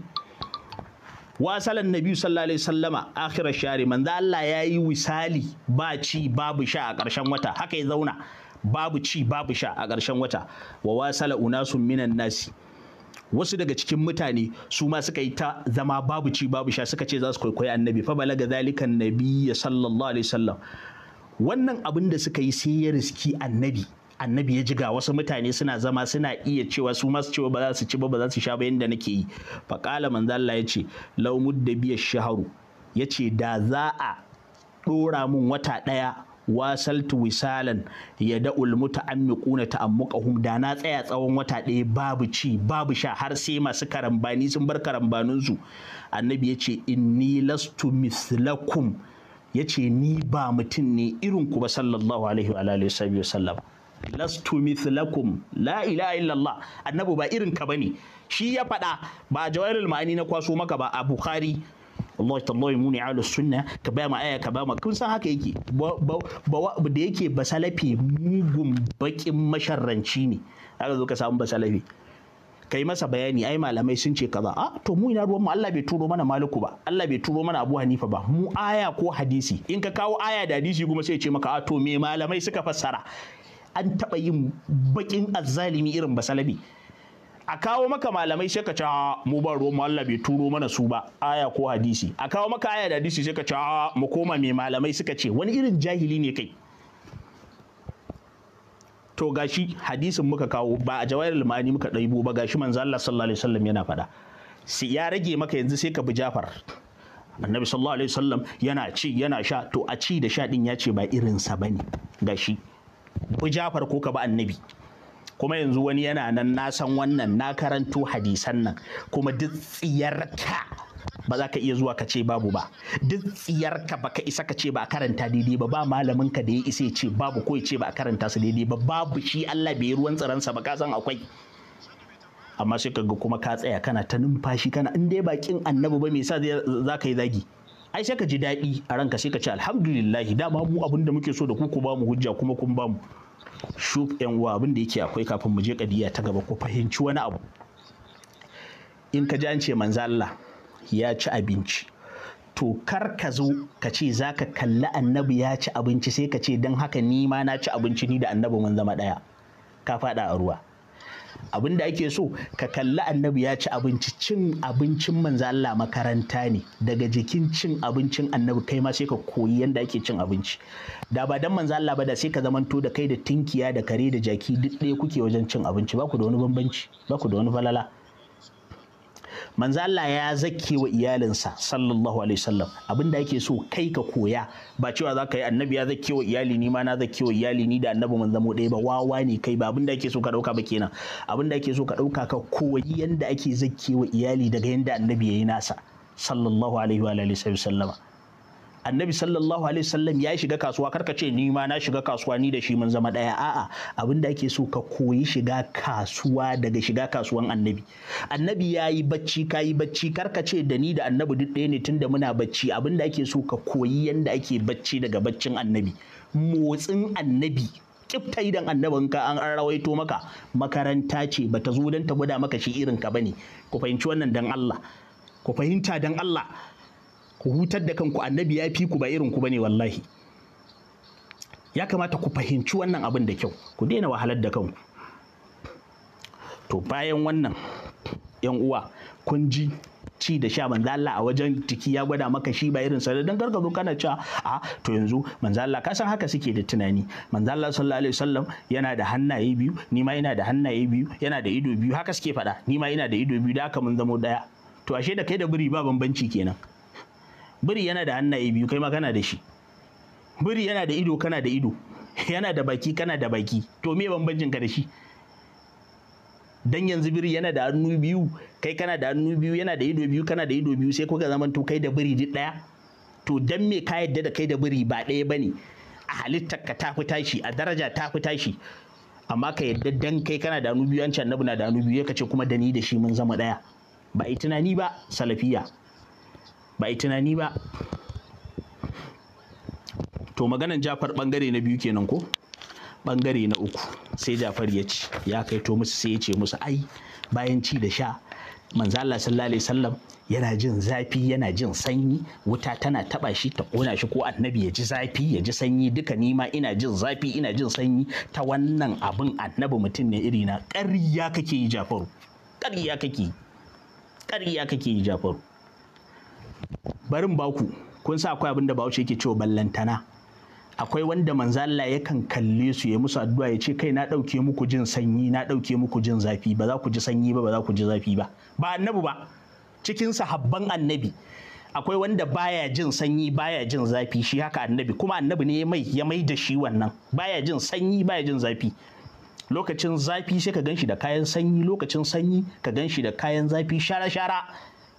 wasalan salan nabi sallallahu alaihi wasallama akhir shari manzo Allah ya yi wisali ba ci babu sha a ƙarshen wata haka ya zauna babu ci babu sha a ƙarshen wata wa wasala unasun minan nasi wasu daga cikin mutane su ma suka yi ta zama babu ci babu sha suka ce za su kwaikwayi annabi fa balaga zalikan nabiyya sallallahu alaihi wasallam wannan abin da suka yi sai ya riski annabi annabi ya ji ga wasu mutane suna zama suna iya cewa su masu cewa ba za su ci ba ba za su sha ba yadda nake yi faƙala manzo Allah ya ce laumud da biyar shaharu ya ce da za a ɗora min wata ɗaya wasaltu wisalan ya da ta muta'ammiquna ta'ammuqahum da na tsaya tsawon wata ɗaya babu ci babu sha har sai masu karambani sun bar karambaninsu annabi ya ce inni lastu mislakum ya ce ni ba mutum ne irin ku ba sallallahu alaihi wa sallam lastu mithlakum la ilaha illallah Annabu ba irin ka bane shi ya faɗa ba jawairul ma'ani na kwaso maka ba a bukhari Allah muni ala sunna ka ba ma aya ka ba ma kun san haka yake da yake basalafi mugun bakin masharranci ne haka zo ka samu basalafi ka yi masa bayani ai malamai sun ce kaza a ah, to mu ina ruwan mu Allah bai turo mana maliku ba Allah bai turo mana Abu Hanifa ba mu aya ko hadisi in ka kawo aya da hadisi kuma sai ya ce maka a ah, to me malamai suka fassara an taɓa yin baƙin azzalimi irin basalabi a kawo maka malamai sai ka ce mu ba ruwan Allah bai turo mana su ba aya ko hadisi a kawo maka aya da hadisi sai ka ce mu koma mai malamai suka ce wani irin jahili ne kai to gashi hadisin muka kawo ba a jawahirul ma'ani muka ɗaibo ba gashi manzo Allah sallallahu alaihi wasallam yana faɗa si ya rage maka yanzu sai ka bi Jafar annabi sallallahu alaihi wasallam yana ci yana sha to a ci da sha din ya ce ba irinsa bane gashi ku Jafar ko ka ba Annabi kuma yanzu wani yana nan na san wannan na karanto hadisan nan kuma duk tsiyarka ba za ka iya zuwa ka ce babu ba duk tsiyarka baka isa ka ce ba a karanta daidai ba ba malamin ka da ya isa ya ce babu ko ya ce ba a karanta su daidai ba babu shi Allah bai ruwan tsaransa ba ka san akwai amma sai ka ga kuma ka tsaya kana ta numfashi kana in dai bakin annabi ba me yasa za ka yi zagi ai sai ka ji daɗi a ranka sai ka ce alhamdulillah dama mu abin da muke so da ku ku ba mu hujja kuma kun ba mu shuf yan uwa abin da yake akwai kafin mu je kadiya ta gaba ku fahimci wani abu in ka ji an ce manzo Allah ya ci abinci to kar ka zo ka ce za ka kalli annabi ya ci abinci sai ka ce don haka ni ma na ci abinci ni da annabi mun zama ɗaya ka faɗa a ruwa abin da ake so ka kalli annabi ya ci abinci cin abincin manzo Allah makaranta ne daga jikin cin abincin annabi kai ma sai ka koyi yanda ake cin abinci da ba dan manzo Allah ba da sai ka zamanto da kai da tinkiya da kare da jaki duk ɗaya kuke wajen cin abinci ba ku da wani bambanci ba ku da wani falala manzo Allah ya zake wa iyalinsa sallallahu alaihi wasallam abinda yake so kai ka koya ba cewa za ka yi annabi ya zake wa iyali ni ma na zake wa iyali ni da annabi mun zamo ɗaya ba wawa ne kai ba abinda yake so ka dauka ba kenan abinda yake so ka dauka ka koyi yanda ake zake wa iyali daga yanda annabi ya yi nasa sallallahu alaihi wa alihi wasallama annabi sallallahu alaihi wasallam ya shiga kasuwa karka ce ni ma na shiga kasuwa ni da shi mun zama daya a'a abin da ake so ka koyi shiga kasuwa daga shiga kasuwan annabi annabi ya yi bacci ka yi bacci karka ce da ni da annabi duk ɗaya ne da muna bacci abin da ake so ka koyi yanda ake bacci daga baccin annabi motsin annabi kifta idan annabin ka an rawaito maka makaranta ce bata zo don ta gwada maka shi irin ka ne. ku fahimci wannan dan Allah ku fahimta dan Allah ku hutar da kanku annabi ya fi ku ba irin ku bane wallahi ya kamata ku fahimci wannan abin da kyau ku daina wahalar da kanku to bayan wannan yan uwa kun ji ci da sha manzo Allah a wajen jiki ya gwada maka shi ba irin sanar dan gargazo kana cewa a to yanzu manzo Allah ka san haka suke da tunani manzo Allah sallallahu alaihi wasallam yana da hannaye biyu ni ma ina da hannaye biyu yana da ido biyu haka suke faɗa ni ma ina da ido biyu da haka mun zamo daya to ashe da kai da biri ba bambanci kenan biri yana da hannaye biyu kai ma kana da shi biri yana da ido kana da ido yana da baki kana da baki to me bambancin ka da shi dan yanzu biri yana da hannu biyu kai kana da hannu biyu yana da ido biyu kana da ido biyu sai kuka zaman to kai da biri duk daya to dan me ka yadda da kai da biri ba daya bane a halittar ka ta fi tashi a daraja ta fi tashi amma ka yadda dan kai kana da hannu biyu an annabi na da hannu biyu ka ce kuma da ni da shi mun zama daya ba a tunani ba salafiya ba yi tunani ba to maganan jafar bangare na biyu kenan ko bangare na uku sai jafar ya ci ya kai to musu sai ya ce musu ai bayan ci da sha manzo Allah sallallahu alaihi wasallam yana jin zafi yana jin sanyi wuta tana taɓa shi ta ƙona shi ko annabi ya ji zafi ya ji sanyi duka ni ma ina jin zafi ina jin sanyi ta wannan abin annabi mutum ne iri na ƙarya kake yi Jafaru ƙarya kake ƙarya kake yi Jafaru barin baku kun sa akwai abin da bahaushe yake cewa ballantana akwai wanda manzo Allah yakan kalle su ya musu addu'a ya ce kai na ɗauke muku jin sanyi na ɗauke muku jin zafi ba za ku ji sanyi ba ba za ku ji zafi ba ba annabi ba cikin sahabban annabi akwai wanda baya jin sanyi baya jin zafi shi haka annabi kuma annabi ne mai ya mai da shi wannan baya jin sanyi baya jin zafi lokacin zafi sai ka ganshi da kayan sanyi lokacin sanyi ka ganshi da kayan zafi shara-shara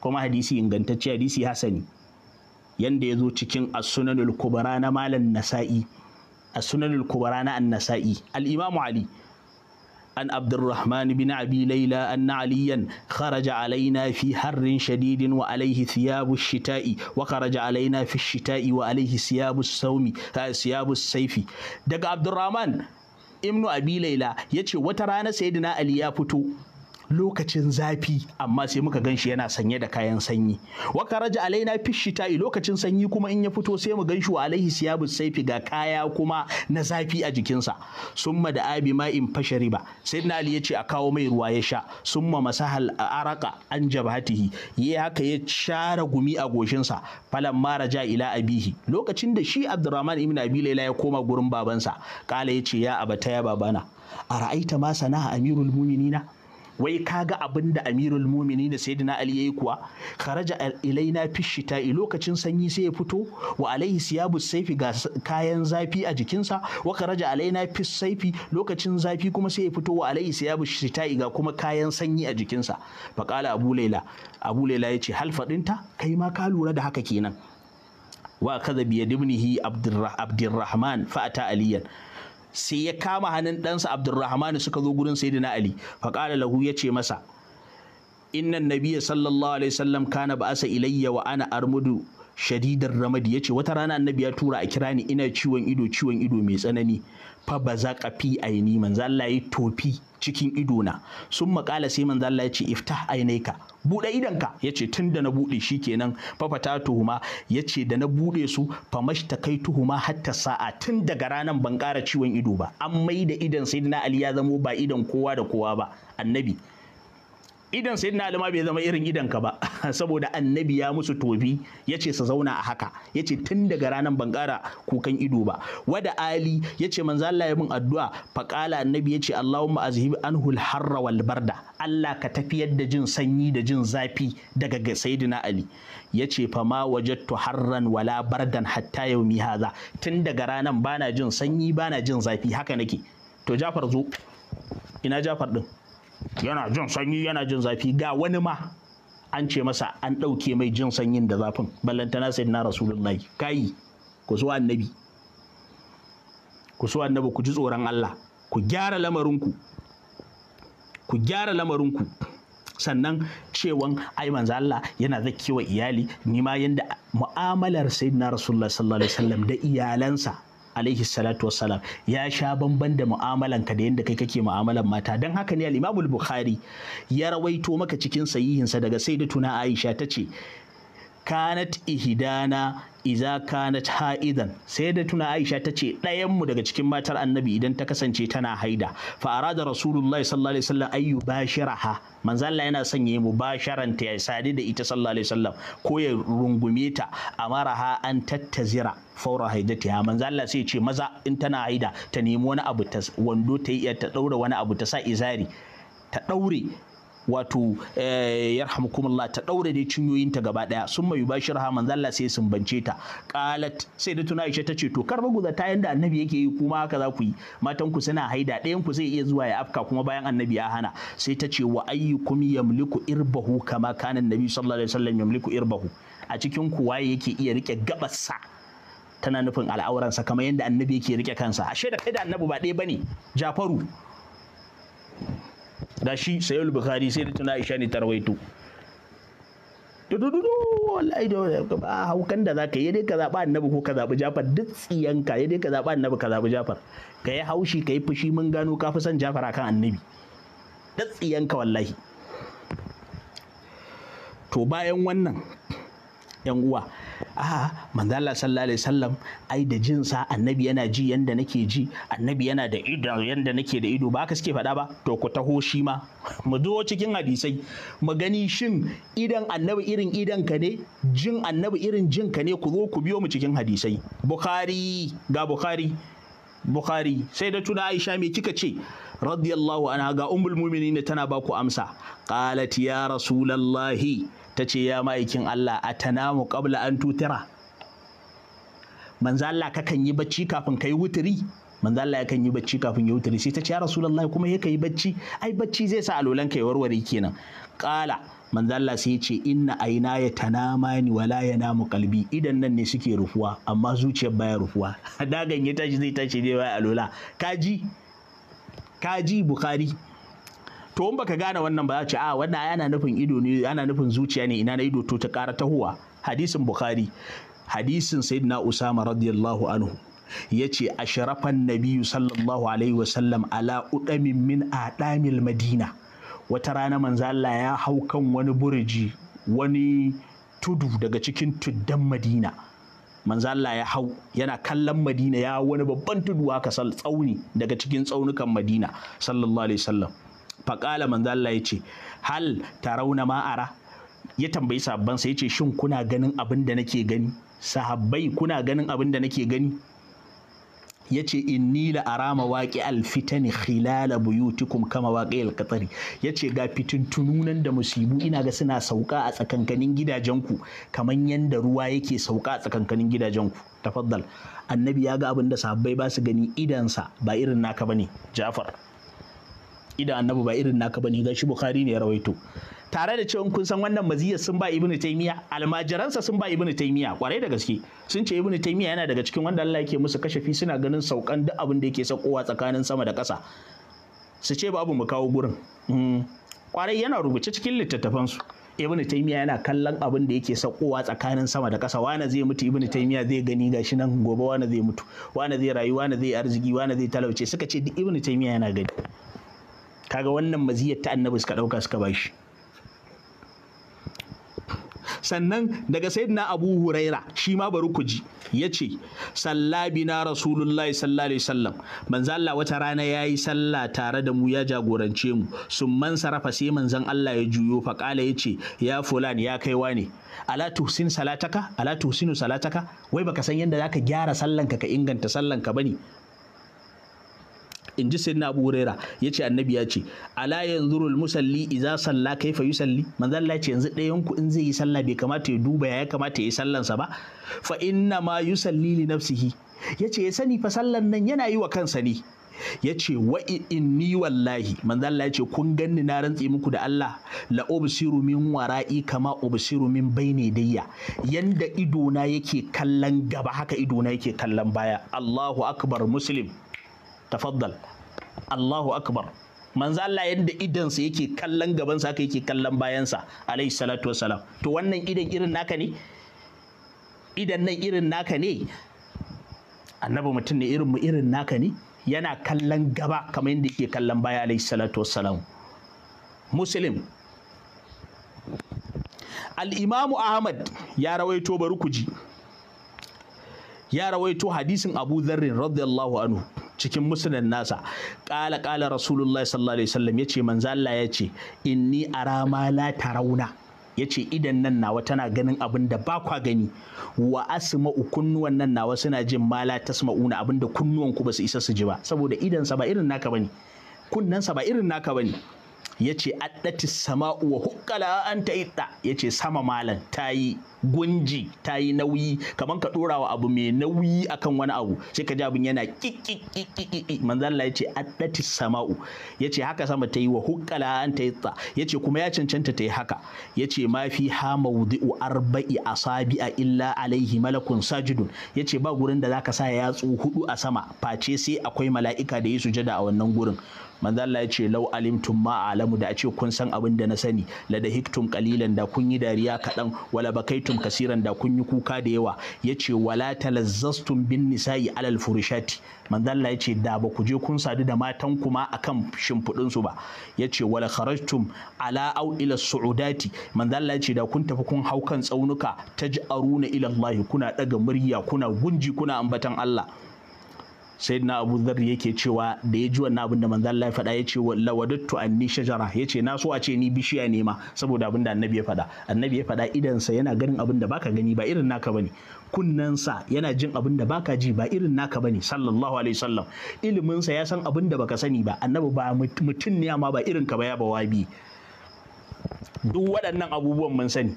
kuma hadisi ingantacce hadisi Hassani, yanda ya zo cikin as-sunanul kubra na malan nasa'i as-sunanul kubra na an-nasa'i al ali an abdurrahman bin Abilaila laila anna aliyan kharaja alaina fi harrin shadidin wa alaihi thiyabu shita'i wa kharaja alaina fi shita'i wa alaihi thiyabu saifi daga abdurrahman ibnu Abilaila, laila yace wata rana Saidina ali ya fito lokacin zafi amma sai muka gan shi yana sanye da kayan sanyi wa karaja alaina fishita'i lokacin sanyi kuma in ya fito sai mu gan shi wa alaihi siyabu saifi ga kaya kuma na zafi a jikinsa summa da abi ma in fashe riba Sai na ali ce a kawo mai ruwa ya sha summa masahal araka an jabhatihi yi haka ya share gumi a goshinsa falan mara ja ila abihi lokacin da shi abdurrahman ibn abi laila ya koma gurin babansa kala yace ya abata ya babana a ra'aita ma sana'a amirul muminina wai kaga abin da amirul mumini da sayyidina ali yayi kuwa kharaja ilaina fi shita'i lokacin sanyi sai ya fito wa alaihi siyabu saifi ga kayan zafi a jikinsa wa kharaja alaina fi saifi lokacin zafi kuma sai ya fito wa alaihi siyabu shita'i ga kuma kayan sanyi a jikinsa faqala abu laila abu laila yace hal fadinta kai ma ka lura da haka kenan wa kaza biyadibnihi abdurrahman ata aliyan sai ya kama hannun ɗansa abdurrahman suka zo gurin sayyidina ali faƙala lahu ya ce masa innan Nabiya sallallahu alaihi sallam kana ba'asa ilayya wa ana armudu shadidar ramadi ce. wata rana annabi ya tura a kira ni ina ciwon ido ciwon ido mai tsanani fa ba za ka fi aini manzo Allah ya tofi cikin idona sun makala sai manzo Allah ya ce iftah ainaika bude idanka yace tunda na bude shikenan fa fata tuhuma yace da na buɗe su fa kai tuhuma hatta sa'a tun daga ranan ban ƙara ciwon ido ba an mai da idan sayyidina Ali ya zamo ba idan kowa da kowa ba annabi idan sai ali ma bai zama irin idan ka ba saboda annabi ya musu tobi ya ce su zauna a haka ya ce tun daga ranar ban kara kukan ido ba wada ali ya yace manzo Allah ya min addu'a faqala annabi ya ce Allahumma azhib anhu al-harra wal barda Allah ka tafiyar da jin sanyi da jin zafi daga sayyidina ali ya ce fa ma wajadtu harran wala bardan hatta yaumi hadha tun daga ranan bana jin sanyi bana jin zafi haka nake to Jafar zo ina Jafar din yana jin sanyi yana jin zafi ga wani ma an ce masa an ɗauke mai jin sanyin da zafin ballantana sai na rasulullahi kai ku zuwa annabi ku zuwa annabi ku ji tsoron Allah ku gyara lamarinku ku gyara lamarinku sannan cewan ai manzo Allah yana zakkewa iyali ni ma yanda mu'amalar sayyidina rasulullahi sallallahu alaihi wasallam da iyalansa alaihi salatu wassalam ya sha bamban da mu'amalan ka da yadda kai kake mu'amalan mata dan haka ne al-Imam bukhari ya rawaito maka cikin sahihinsa daga Sayyidatuna Aisha ta ce. kanat ihidana iza kanat ha'idan sai da tuna aisha ta ce ɗayanmu daga cikin matar annabi idan ta kasance tana haida fa arada rasulullahi sallallahu alaihi wasallam ayyu bashiraha manzo Allah yana son yayi mubasharanta ya sadi da ita sallallahu alaihi wasallam ko ya rungume ta amaraha an tattazira faura haidatiha manzo Allah sai ya ce maza in tana haida ta nemi wani abu ta wando ta yi ta daura wani abu ta sa izari ta daure wato eh, yarhamukumullah ta daure dai cinyoyinta gaba daya sun mai bashi ha manzo Allah sai bance ta qalat sai da tuna Aisha tace to kar maguza ta yanda annabi yake yi kuma haka za ku yi matan ku suna haida ɗayan ku zai iya zuwa ya afka kuma bayan annabi ya hana sai tace wa ayyukum yamliku irbahu kama kana annabi sallallahu alaihi wasallam yamliku irbahu a cikin ku waye yake iya rike gabarsa tana nufin al'auransa kamar yadda annabi yake rike kansa ashe da kai da annabi ba ɗaya bane jafaru shi sayul bukhari sai da tuna aisha ne tarwaito dududu wallahi da ba haukan da zaka yi dai ka zaba annabi ko ka zabi jafar duk tsiyanka yi dai ka zaba annabi ka zabi jafar ka yi haushi ka yi fushi mun gano ka fi son jafar akan annabi duk tsiyanka wallahi to bayan wannan yan uwa a'a manzo Allah sallallahu alaihi wasallam ai da jin sa annabi yana ji yanda nake ji annabi yana da ido yanda nake da ido ba haka suke faɗa ba to ku taho shi ma mu zo cikin hadisai mu gani shin idan annabi irin idan ka ne jin annabi irin jin ka ne ku zo ku biyo mu cikin hadisai bukhari ga bukhari bukhari sai da tuna aisha me kika ce radiyallahu anha ga ummul mu'minin tana ba ku amsa qalat ya rasulallahi ta ce ya ma'aikin Allah a tanamu qabla an tutura manzo Allah kakan yi bacci kafin kai wuturi manzo Allah yakan yi bacci kafin ya wuturi sai ta ce ya rasulullahi kuma yake yi bacci ai bacci zai sa alolan kai warware kenan Kala manzo Allah sai ya ce inna aina ya tanama ni wala ya namu kalbi idan nan ne suke rufuwa amma zuciyar baya rufuwa dagan ya tashi zai tashi ne baya alola kaji kaji bukhari to in baka gane wannan ba za ce a ah, wannan ana nufin ido ne yana nufin zuciya ne ina na ido to ta ƙara tahowa hadisin bukhari hadisin sayyidina usama radiyallahu anhu ya ce ashrafan nabiyu sallallahu alaihi wasallam ala udamin min adamil madina wata rana manzo Allah ya hau kan wani burji wani tudu daga cikin tuddan madina manzo Allah ya hau yana kallon madina ya wani babban tudu haka tsauni daga cikin tsaunukan madina sallallahu alaihi wasallam faƙala manzo Allah ya ce hal tarauna ara. ya tambayi sabbansa sa ce, shin kuna ganin abin da nake gani sahabbai kuna ganin abin da nake gani Ya yace inni la arama waƙi al fitani khilala buyutikum kama waƙi al qatari ce ga fitintununan da musibu ina ga suna sauka a tsakankanin gidajenku kaman yadda ruwa yake sauka a tsakankanin gidajenku tafaddal annabi ya ga abin da sahabbai ba su gani idansa ba irin naka bane ja'far ida annabi ba irin naka bane ga shi bukhari ne ya rawaito tare da cewa kun san wannan maziyar sun ba ibnu taymiya almajiransa sun ba ibnu taymiya kwarai da gaske sun ce ibnu taymiya yana daga cikin wanda Allah yake musu kashafi suna ganin saukan duk abin da yake sakowa tsakanin sama da ƙasa su ce babu mu kawo gurin hmm. kwarai yana rubuce cikin littattafansu ibnu taymiya yana kallon abin da yake sakowa tsakanin sama da ƙasa wani zai mutu ibnu taymiya zai gani gashi nan gobe wani zai mutu wani zai rayu wani zai arziki wani zai talauce suka ce duk ibnu taymiya yana gani kaga wannan maziyar ta annabi suka ɗauka suka ba shi. sannan daga sayyidina abu huraira shi ma bari ku ji ya ce sallabina rasulullahi sallallahu alaihi sallam. manzo Allah wata rana ya yi sallah tare da mu ya jagorance mu sun man sarafa sai manzon Allah ya juyo fa kala ya ce ya fulan ya kai wa ne ala tuhsin salataka ala tuhsinu salataka wai baka san yadda za ka gyara sallanka ka inganta sallanka bane in ji sayyidina abu huraira ya ce annabi ya ce ala yanzurul musalli idza salla fa yusalli manzo Allah ce yanzu ɗayan ku in zai yi sallah bai kamata ya duba ya kamata ya yi sallansa ba fa inna ma yusalli li nafsihi ya ce ya sani fa sallan nan yana yi wa kansa ne ya ce wa inni wallahi manzo Allah ya ce kun ganni na rantse muku da Allah la ubsiru min wara'i kama ubsiru min baini dayya yanda ido na yake kallon gaba haka ido na yake kallon baya Allahu akbar muslim tafaddal Allahu akbar manzo Allah yadda idansa yake kallon gabansa haka yake kallon bayansa alayhi salatu wassalam to wannan idan irin naka ne idan nan irin naka ne annabi mutum ne irin mu irin naka ne yana kallon gaba kamar yadda yake kallon baya alayhi salatu wassalam muslim الإمام أحمد ahmad ya rawaito bari ku ji ya rawaito hadisin abu dharrin radiyallahu anhu cikin musulun nasa ƙala ƙala rasulullahi sallallahu alaihi wasallam ce, manzalla Allah ce, inni arama la tarawna ce idan nan nawa tana ganin abin da ba kwa gani wa asma'u kunnuwan nan nawa suna jin ma la tasma'una abin da kunnuwan ku ba su isa su ji ba saboda idan sa ba irin naka bane kunnan sa ba irin naka bane ya ce addati sama'u wa hukkala an ta idda ya ce sama malam ta yi gunji ta yi nauyi kamar ka dora wa abu mai nauyi akan wani abu sai ka ji abin yana kikikikiki manzalla ya ce addati sama'u ya ce haka sama ta yi wa hukkala an ta idda ya ce kuma ya cancanta ta yi haka ya ce ma fi ha mawdi'u arba'i a illa alaihi malakun sajidun ya ce ba gurin da za ka sa yatsu hudu a sama face sai akwai mala'ika da yi sujada a wannan gurin manzo Allah ya ce law alimtum ma alamu da a ce kun san abin da na sani la da hiktum qalilan da kun yi dariya kaɗan wala bakaitum kasiran da kun yi kuka da yawa yace wala talazzastum bin nisa'i alal furushati manzo Allah ya ce da ba ku je kun sadu da matan kuma akan shimfiɗin su ba yace wala kharajtum ala au ila su'udati manzo Allah ya ce da kun tafi kun hau kan tsaunuka taj'aruna ila Allah kuna daga murya kuna gunji kuna ambatan Allah na abu dhar yake cewa da ya ji wannan abin da manzan Allah ya faɗa ya ce lawadattu anni shajara ya ce na so a ce ni bishiya ne ma saboda abin da annabi ya faɗa annabi ya faɗa idansa yana ganin abin da baka gani ba irin naka bane kunnensa yana jin abin da baka ji ba irin naka bane sallallahu alaihi wasallam sa ya san abin da baka sani ba annabi ba mutum ne amma ba irin ka ba ya wabi duk waɗannan abubuwan mun sani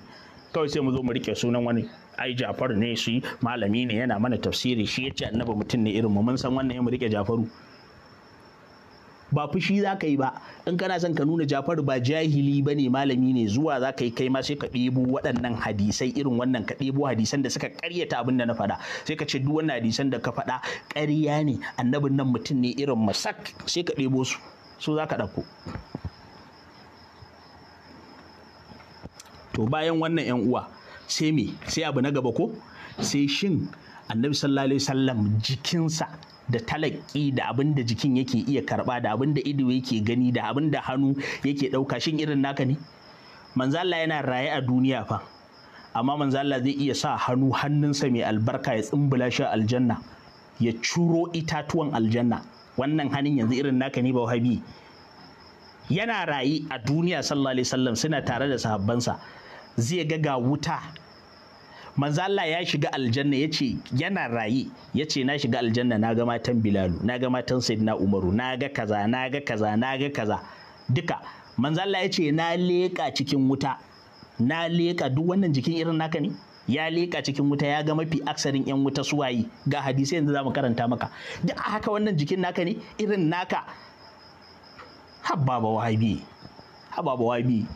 kawai sai mu zo mu rike sunan wani ai Jafaru ne suyi. malami ne yana mana tafsiri shi ya ce, annabi mutum ne irin mu mun san wannan ya mu rike Jafaru ba fushi za ka yi ba in kana son ka nuna Jafaru ba jahili ba ne malami ne zuwa za ka yi kai ma sai ka ɗebo waɗannan hadisai irin wannan ka ɗebo hadisan da suka karyata abin da na faɗa sai ka ce duk wannan hadisan da ka faɗa ƙarya ne annabin nan mutum ne irin masak sai ka ɗebo su su za ka ɗauko to bayan wannan 'yan uwa sai me sai abu na gaba ko sai shin annabi sallallahu alaihi wasallam jikinsa da talaki da abin da jikin yake iya karba da abin da ido yake gani da abin da hannu yake ɗauka shin irin naka ne manzo yana raye a duniya fa amma manzo zai iya sa hannu hannunsa mai albarka ya tsimbula shi aljanna ya curo itatuwan aljanna wannan hannun yanzu irin naka ne ba wahabi yana raye a duniya sallallahu alaihi wasallam suna tare da sahabbansa zai ga ga wuta manzo Allah ya shiga aljanna ya ce yana raye ya ce na shiga aljanna na ga matan bilalu na ga matan sayyidina umaru na ga kaza na ga kaza na ga kaza duka manzo Allah ya ce na leka cikin wuta na leƙa duk wannan jikin irin naka ne ya leƙa cikin wuta ya ga mafi aksarin yan wuta suwayi ga hadisai yanzu zamu karanta maka duk a haka wannan jikin naka ne irin naka habba wahabi habba wahabi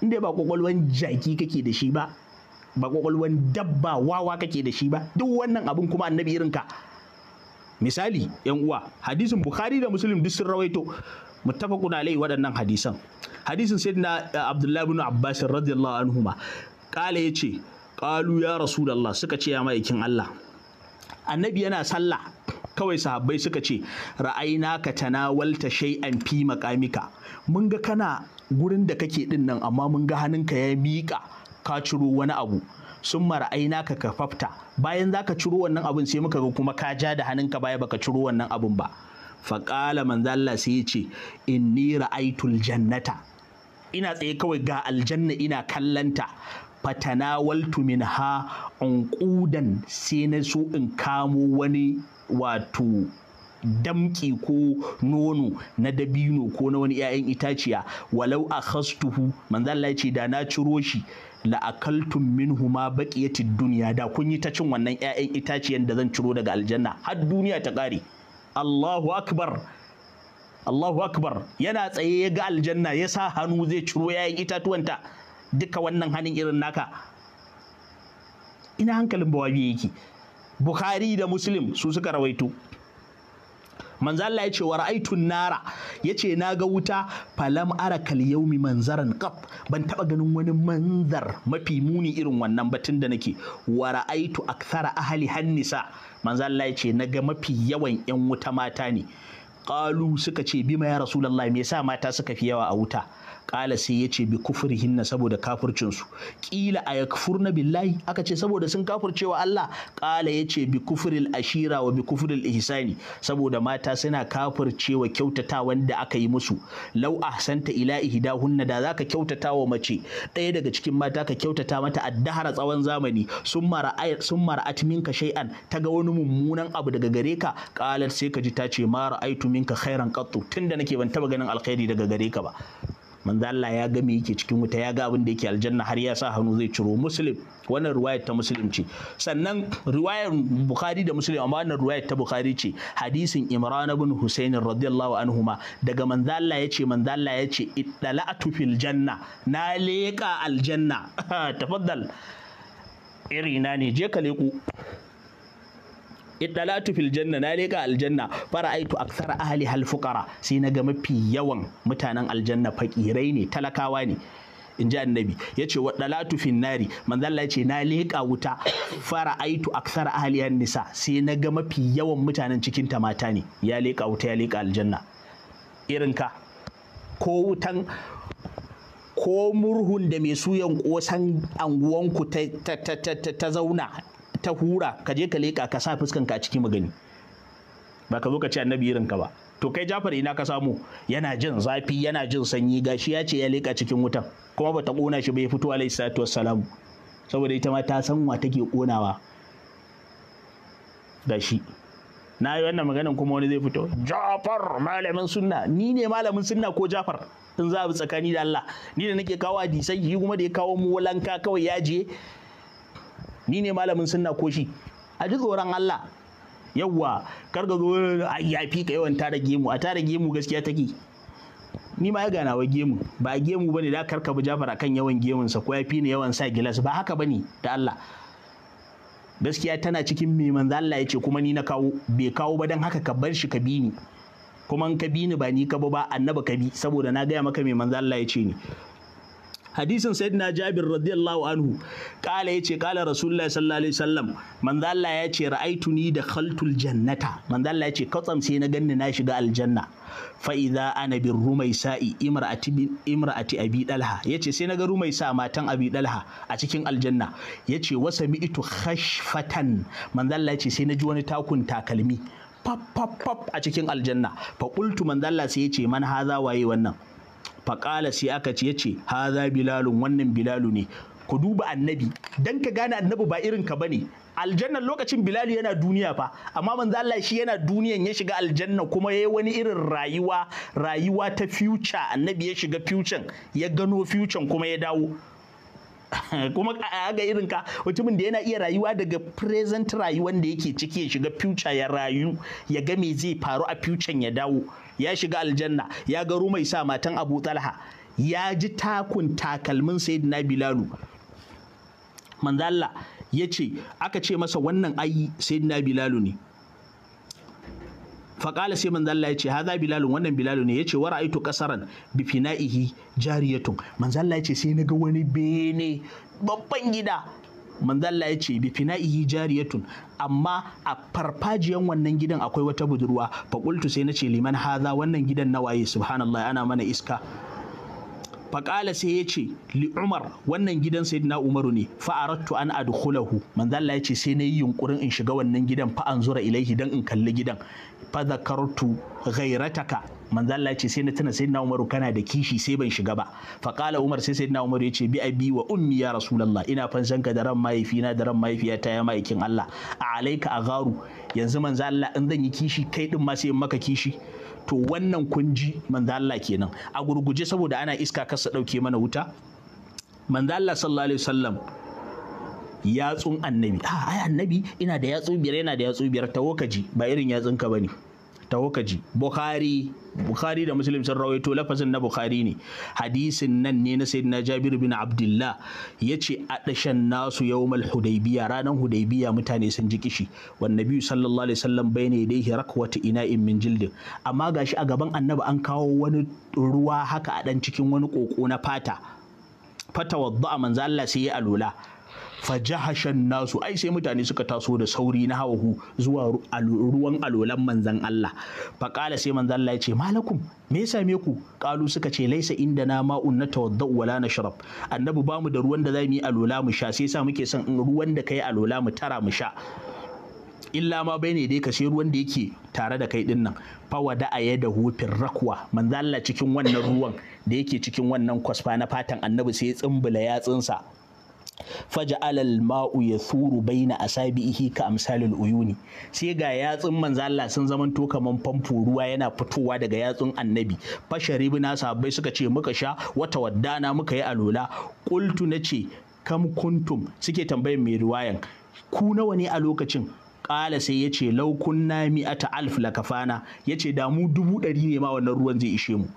in dai ba kwakwalwan jaki kake da shi ba ba kwakwalwan dabba wawa kake da shi ba duk wannan abin kuma annabi irin ka misali yan uwa hadisin bukhari da muslim duk sun rawaito muttafaqun alai waɗannan hadisan hadisin sayyidina eh, abdullahi ibn abbas radiyallahu anhuma kala yace qalu ya rasulullah suka ce ya ma'aikin Allah annabi yana sallah kawai sahabbai suka ce ra'aina ka tanawalta shay'an fi maqamika mun ga kana gurin da kake din nan amma mun ga hannunka ya miƙa ka ciro wani abu sun mara aina ka kafafta bayan za ka ciro wannan abun sai muka ga kuma ka ja da hannunka baya baka ciro wannan abun ba faƙala manzo Allah sai ya ce inni ra'aitul jannata ina tsaye kawai ga aljanna ina kallanta min minha unqudan sai na so in kamo wani wato damƙe ko nono na dabino ko na wani 'ya'yan itaciya walau a khastuhu manzan Allah ce da na ciro shi la'akaltun min huma baqiyati duniya da kun yi ta cin wannan 'ya'yan itaciyan da zan ciro daga aljanna har duniya ta ƙare Allahu akbar Allahu akbar yana tsaye ya ga aljanna ya sa hannu zai ciro 'ya'yan itatuwanta duka wannan hannun irin naka ina hankalin bawabi yake Bukhari da Muslim su suka rawaito manzo Allah ya ce wa ra'aitun nara ya ce na ga wuta falam ara kal yaumi manzaran qab ban taba ganin wani manzar mafi muni irin wannan batun da nake wa ra'aitu akthara ahli hannisa manzo Allah ya ce na ga mafi yawan yan wuta mata ne qalu suka ce bima ya rasulullahi me yasa mata suka fi yawa a wuta ƙala sai ya ce bi hinna saboda kafircinsu ƙila a na billahi aka ce saboda sun kafircewa Allah ƙala ya ce bi kufril ashira wa bi kufril ihsani saboda mata suna kafircewa kyautata wanda aka yi musu lau ahsanta ila ihdahunna da zaka kyautata wa mace ɗaya daga cikin mata ka kyautata mata addahara tsawon zamani sun mara sun mara atminka shay'an ta ga wani mummunan abu daga gare ka ƙalar sai ka ji ta ce mara ra'aitu minka khairan qattu tunda nake ban taba ganin alkhairi daga gare ka ba manzo Allah ya ga me yake cikin wuta ya ga abin da yake aljanna har ya sa hannu zai ciro muslim wannan riwayar ta muslim ce sannan riwayar bukhari da muslim amma wannan riwayar ta bukhari ce hadisin imran ibn husayn radiyallahu ma daga manzo Allah yace manzo Allah yace iddala'tu fil janna na leƙa aljanna tafaddal irina ne je ka leku idalatu fil janna na leka aljanna fara'aitu aksara ahli hal fuqara sai na ga mafi yawan mutanen aljanna fakirai ne talakawa ne in ji annabi ya ce wa dalatu fin nari manzalla ce na leƙa wuta fara aitu aksar ahaliyan nisa sai na ga mafi yawan mutanen cikin ta mata ne ya leƙa wuta ya leƙa aljanna irin ka ko wutan ko murhun da mai suyan kosan anguwanku ta zauna ta hura ka je ka leƙa ka sa fuskan ka a cikin magani ba ka zo ka ce annabi irin ka ba to kai Jafar ina ka samu yana jin zafi yana jin sanyi gashi ya ce ya leƙa cikin wutan kuma ba ta kona shi ba ya fito alaihi salatu wassalam saboda ita ma ta san wa take konawa gashi na yi wannan maganin kuma wani zai fito jafar malamin sunna ni ne malamin sunna ko jafar in za a bi tsakani da Allah ni da nake kawo hadisai shi kuma da ya kawo mu walanka kawai ya je ni ne malamin sunna ko shi a ji tsoron Allah yawwa kar ga zo a ka yawan tara gemu a tara gemu gaskiya take ni ma ya gana wa gemu ba gemu bane da kar ka bi Jafar akan yawan gemun sa ko ya fi ni yawan sa gilas ba haka bane da Allah gaskiya tana cikin mai manzo Allah ya ce kuma ni na kawo bai kawo ba dan haka ka bar shi ka bi ni kuma in ka bi ni ba ni ka ba annabi ka bi saboda na gaya maka mai manzo Allah ya ce ni hadisin sayyidina jabir radiyallahu anhu kala yace kala rasulullah sallallahu alaihi wasallam manzo Allah yace ra'aituni da khaltul jannata manzo Allah yace katsam sai na ganni na shiga aljanna fa idza ana bir rumaisai imra'ati imra'ati abi dalha yace sai na ga rumaisa matan abi dalha a cikin aljanna yace wasa mi'tu khashfatan manzo Allah yace sai na ji wani takun takalmi fap fap a cikin aljanna fa qultu manzo Allah sai yace man haza waye wannan faƙala sai aka ce ce haza bilalun wannan bilalu ne ku duba annabi dan ka gane annabi ba irin ka bane aljannan lokacin bilalu yana duniya fa amma manzo Allah shi yana duniyan ya shiga aljanna kuma yayi wani irin rayuwa rayuwa ta future annabi ya shiga future ya gano future kuma ya dawo kuma ga irinka, ka mutumin da yana iya rayuwa daga present rayuwan da yake ciki ya shiga future ya rayu ya ga me zai faru a future ya dawo ya shiga aljanna ya ga rumai sa matan abu talha ya ji takun takalmin sayyidina bilalu Manzala ya ce aka ce masa wannan ayi sayyidina bilalu ne faƙala sai Manzala ya ce haza bilalu wannan bilalu ne yace wa ra'aytu qasaran bi fina'ihi jariyatun manzala ya ce sai na ga wani bene babban gida manzalla ya ce bi iyi jariyatun amma a farfajiyan wannan gidan akwai wata budurwa faƙultu sai na ce liman haza wannan gidan nawaye subhanallah ana mana iska faƙala sai ya ce li umar wannan gidan sayyidina umaru ne fa'aratu an adkhulahu manzo Allah ya ce sai na yi yunkurin in shiga wannan gidan fa zura ilaihi dan in kalli gidan fa zakartu ghairataka manzo ya ce sai na tuna sayyidina umaru kana da kishi sai ban shiga ba faƙala umar sai sayyidina umaru ya ce bi abi wa ummi ya rasulullah ina fansanka da ran mahaifi na da ran mahaifiyata ya ma'aikin Allah a alaika a garu yanzu manzo in zan yi kishi kai din ma sai in maka kishi to wannan kunji manzo Allah kenan a gurguje saboda ana iska kasa dauke mana wuta manzo Allah sallallahu alaihi wasallam yatsun annabi a ah, ai annabi ina da yatsu biyar yana da yatsu biyar tawo kaji ba irin yatsun ka bane ta ji bukhari bukhari da muslim sun rawaito lafazin na bukhari ne hadisin nan ne na sayyidina jabir bin abdullah yace ce adashan nasu yawmal hudaybiya ranar hudaybiya mutane sun ji kishi wan nabi sallallahu alaihi wasallam bayna yadayhi rakwata ina'in min jildin amma gashi a gaban annabi an kawo wani ruwa haka a dan cikin wani koko na fata fata wadda manzo Allah sai ya alula fajahashan nasu ai sai mutane suka taso da sauri na hawahu zuwa ruwan alolan manzan Allah faƙala sai manzan Allah ya ce malakum me yasa me ku ƙalu suka ce laisa inda na ma'un na tawadda'u wala na sharab annabi bamu da ruwan da za mu yi alola mu sha sai sa muke son ruwan da kai alola mu tara mu sha illa ma bai ne dai ka sai ruwan da yake tare da kai dinnan fawa da aye da hufin rakwa manzan Allah cikin wannan ruwan da yake cikin wannan kwasfa na fatan annabi sai ya tsumbula yatsunsa فجعل الماء mau بين baina كامثال العيون سي uyuni sai ga yatsun manzo Allah sun zamanto kaman famfo ruwa yana fitowa daga yatsun annabi fasharibi na sahabbai suka ce muka sha wata waddana muka yi alola qultu nace kam kuntum suke tambayar mai riwayan ku nawa ne a lokacin kala sai yace ce laukun mi'ata alf lakafana ya ce da mu dubu ɗari ne ma wannan ruwan zai ishe mu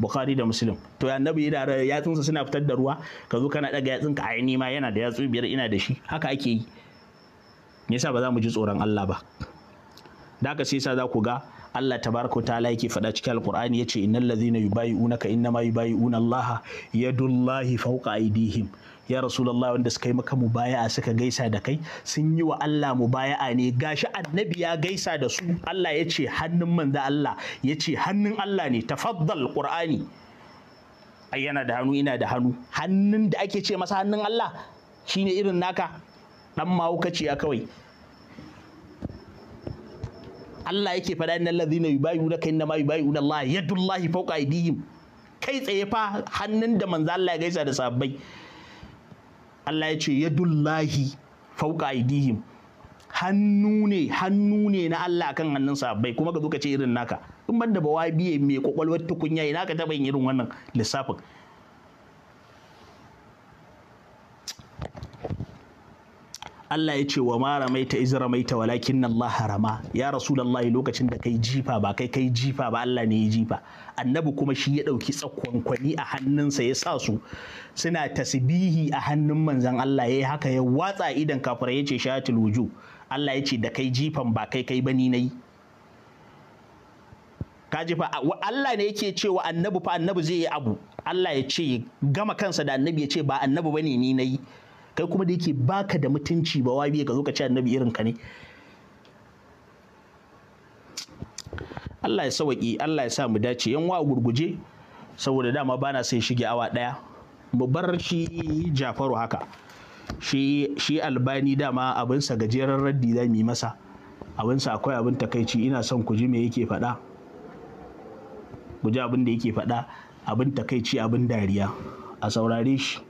bukhari da muslim to annabi nabi da yatsunsa suna fitar da ruwa ka zo kana daga yatsunka a ni ma yana da yatsu biyar ina da shi haka ake yi me yasa ba za mu ji tsoron Allah ba da haka sai sa za ku ga Allah tabaraka ta'ala yake faɗa cikin alqur'ani yace innal ladhina yubayyi'unaka innama yubayi'una Allah yadullahi fawqa aydihim ya rasulullah wanda suka yi maka mubaya'a suka gaisa da kai sun yi wa Allah mubaya'a ne gashi annabi ya gaisa da su Allah ya ce hannun manzo Allah ya ce hannun Allah ne tafaddal qur'ani ai yana da hannu ina da hannu hannun da ake ce masa hannun Allah shine irin naka dan mahaukaciya kawai Allah yake faɗa innal kai inna ma yubayyi'una Allah yadullahi fawqa aydihim kai tsaye fa hannun da manzo Allah ya gaisa da sabbai Allah ya ce yadullahi fauka aidihim hannu ne hannu ne na Allah kan hannun sahabbai kuma ka zo ce irin naka in banda da bawa biye mai kwakwalwar tukunya ina ka taɓa yin irin wannan lissafin Allah ya ce wa ta izra mai ta walakin Allah harama ya rasulullahi lokacin da kai jifa ba kai kai jifa ba Allah ne ya jifa annabi kuma shi ya dauki kwani a hannunsa ya sa su suna tasbihi a hannun manzon Allah yayi haka ya watsa idan kafira ya ce shatil wuju Allah ya ce da kai jifan ba kai kai bani nayi ka jifa Allah ne yake cewa annabi fa annabi zai yi abu Allah ya ce gama kansa da annabi ya ce ba annabi bane ni nayi kai kuma da yake baka da mutunci ba wabiye ka zo ka ci annabi irin ka ne Allah ya sawaƙi Allah ya sa mu dace yan wa gurguje saboda dama bana sai shige awa daya mu bar shi Jafaru haka shi shi albani dama abin sa gajeren raddi za mu yi masa sa akwai abin takaici ina son ku ji me yake faɗa ku ji abin da yake faɗa abin takaici abin dariya a saurare shi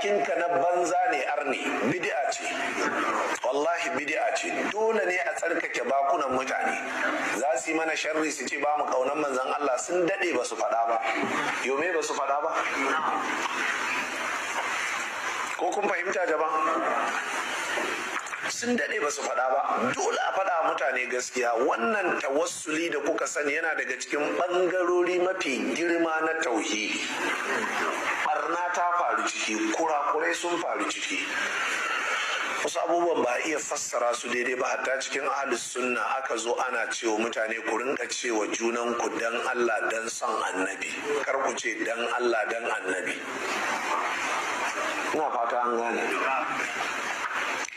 bakinka na banza ne Arne, bid'a ce wallahi bid'a ce dole ne a tsarkake bakunan mutane za su yi mana sharri su ce ba mu kaunan manzon Allah sun dade ba su faɗa ba yome ba su faɗa ba ko kun fahimta jama sun daɗe ba su faɗa ba dole a faɗa mutane gaskiya wannan tawassuli da kuka sani yana daga cikin ɓangarori mafi girma na tauhidi barna ta faru ciki kurakurai sun faru ciki wasu abubuwan ba a iya fassara su daidai ba hatta cikin ahlus sunna aka zo ana cewa mutane ku rinka cewa junan ku dan Allah dan son annabi kar ku ce dan Allah dan annabi ina fata an gane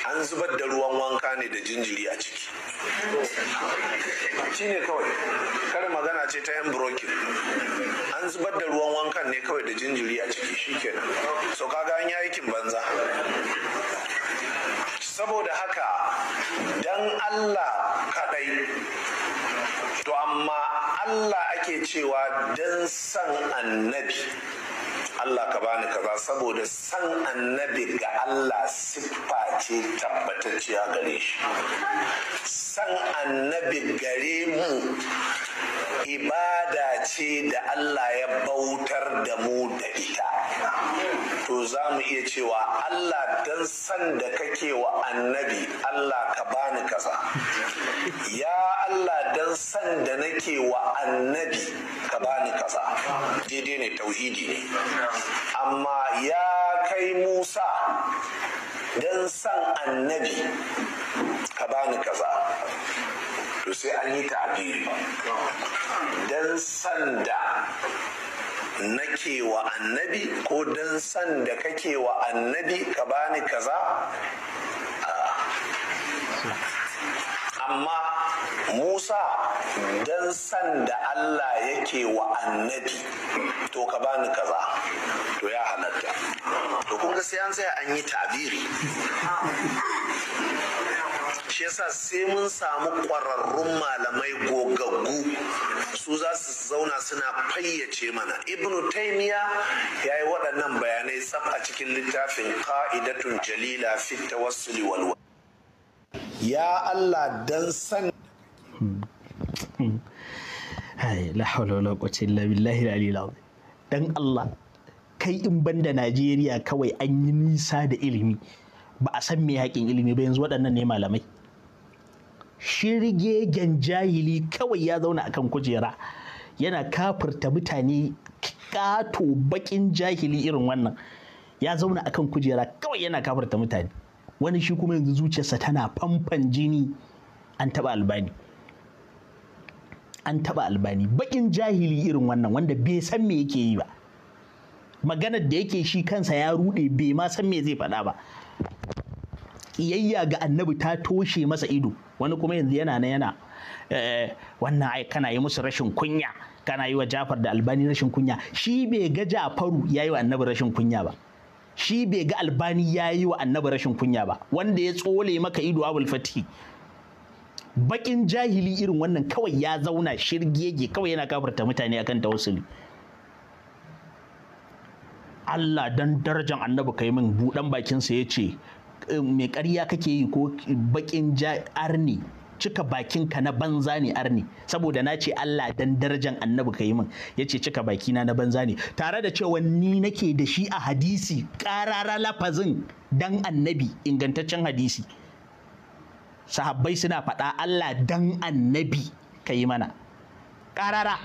an zubar da ruwan wanka ne da jinjiri a ciki shi ne kawai kar magana ce ta yan brokin an zubar da ruwan wankan ne kawai da jinjiri a ciki shi kenan so kaga an yi aikin banza saboda haka dan Allah kadai to amma Allah ake cewa dan san annabi Allah ka bani kaza saboda san annabi ga Allah siffa ce tabbatacciya gare shi san annabi gare mu ibada ce da Allah ya bautar da mu da ita to za mu iya cewa Allah dan san da kake wa annabi Allah ka bani kaza ya Allah dan san da nake wa annabi ka bani kaza daidai ne tauhidi ne amma ya kai Musa dan san annabi ka bani kaza to sai an yi ta'abiri Don sanda nake wa annabi ko don sanda kake wa annabi ka bani kaza amma musa don sanda allah yake wa annabi to ka bani kaza to ya halatta to kun ga sai an tsaya an yi ta'abiri shi yasa sai mun samu ƙwararrun malamai gogaggu su za su zauna suna fayyace mana ibnu taimiya ya yi waɗannan bayanai tsaf a cikin littafin ka'idatun jalila fitta tawassuli liwalwa. ya allah dan san la hawla wala quwwata illa billahi al dan allah kai in banda najeriya kawai an yi nisa da ilimi ba a san me haƙin ilimi ba yanzu waɗannan ne malamai shirgegen jahili kawai ya zauna akan kujera yana kafirta mutane kato bakin jahili irin wannan ya zauna akan kujera kawai yana kafirta mutane wani shi kuma yanzu zuciyarsa tana famfan jini an taba albani an taba albani bakin jahili irin wannan wanda bai san me yake yi ba maganar da yake shi kansa ya rude bai ma san me zai faɗa ba ƙiyayya ga annabi ta toshe masa ido wani kuma yanzu yana na yana eh, wannan ai kana yi musu rashin kunya kana yi wa Jafar da Albani rashin kunya shi bai ga Jafaru yayi wa Annabi rashin kunya ba shi bai ga Albani ya yi wa Annabi rashin kunya ba wanda ya tsole maka ido Abul Fatih bakin jahili irin wannan kawai ya zauna shirgege kawai yana kafarta mutane akan tawassuli Allah dan darajan annabi kai min budan bakinsa ya ce Eh, mai ƙarya kake yi ko bakin arni cika bakinka na banza ne arni saboda na ce Allah dan darajan annabi ka yi min ya ce cika bakina na banza ne tare da cewa ni nake da shi a hadisi ƙarara lafazin dan annabi ingantaccen hadisi sahabbai suna faɗa Allah dan annabi ka yi mana ƙarara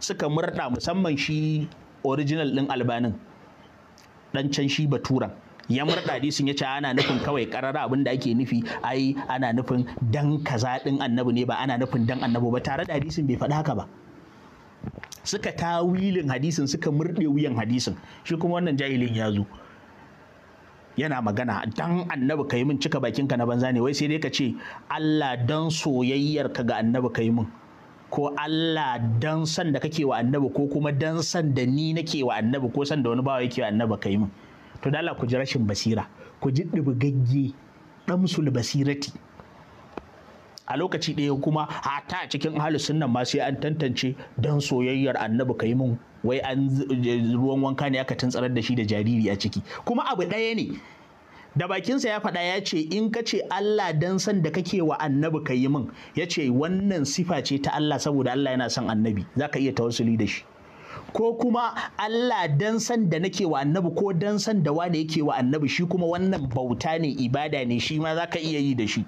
suka murɗa musamman shi original ɗin albanin ɗancan can shi baturan ya murɗaɗi hadisin ya ce ana nufin kawai karara abin da ake nufi ai ana nufin dan kaza ɗin annabi ne ba ana nufin dan annabi ba tare da hadisin bai faɗi haka ba suka tawilin hadisin suka murɗe wuyan hadisin shi kuma wannan jahilin ya zo yana magana dan annabi ka yi min cika bakinka na banza ne wai sai dai ka ce Allah dan ka ga annabi ka yi min ko Allah dan san da kake wa annabi ko kuma dan san da ni nake wa annabi ko san da wani bawa yake wa annabi ka yi min to dala ku ji rashin basira ku ji ɗibigagge ɗamsul basirati a lokaci ɗaya kuma hata a cikin hali sunnan masu sai an tantance don soyayyar annabi ka yi mun wai an ruwan wanka ne aka tantsarar da shi da jariri a ciki kuma abu ɗaya ne da bakinsa ya faɗa ya ce in ka ce Allah dan san da kake wa annabi ka yi min ya ce wannan sifa ce ta Allah saboda Allah yana son annabi za ka iya tawassuli da shi ko kuma Allah dan san da nake wa annabi ko dan san da wane yake wa annabi shi kuma wannan bauta ne ibada ne shi ma zaka iya yi da shi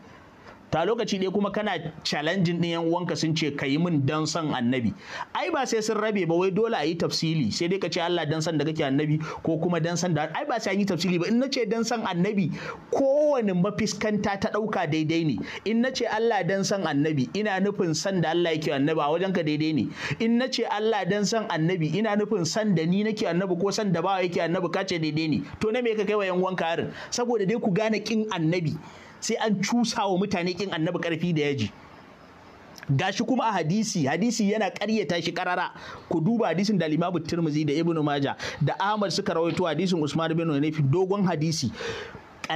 ta lokaci ɗaya kuma kana challenging din yan uwanka sun ce ka yi min dan son annabi ai ba sai sun rabe ba wai dole a yi tafsili sai dai ka ce Allah dan san da kake annabi ko kuma dan san da ai ba sai an yi tafsili ba in na ce dan san annabi kowane mafiskanta ta ɗauka daidai ne in na ce Allah dan san annabi ina nufin san da Allah yake annabi a wajen ka daidai ne in na ce Allah dan san annabi ina nufin san da ni nake annabi ko san da bawa yake annabi ka ce daidai ne to na me ka kai wa yan uwanka harin saboda dai ku gane kin annabi sai an cusa wa mutane kin annabi karfi da yaji gashi kuma a hadisi hadisi yana ƙaryata shi karara ku duba hadisin da limamu tirmizi da ibnu maja da ahmad suka rawaito hadisin usman bin hunayfi dogon hadisi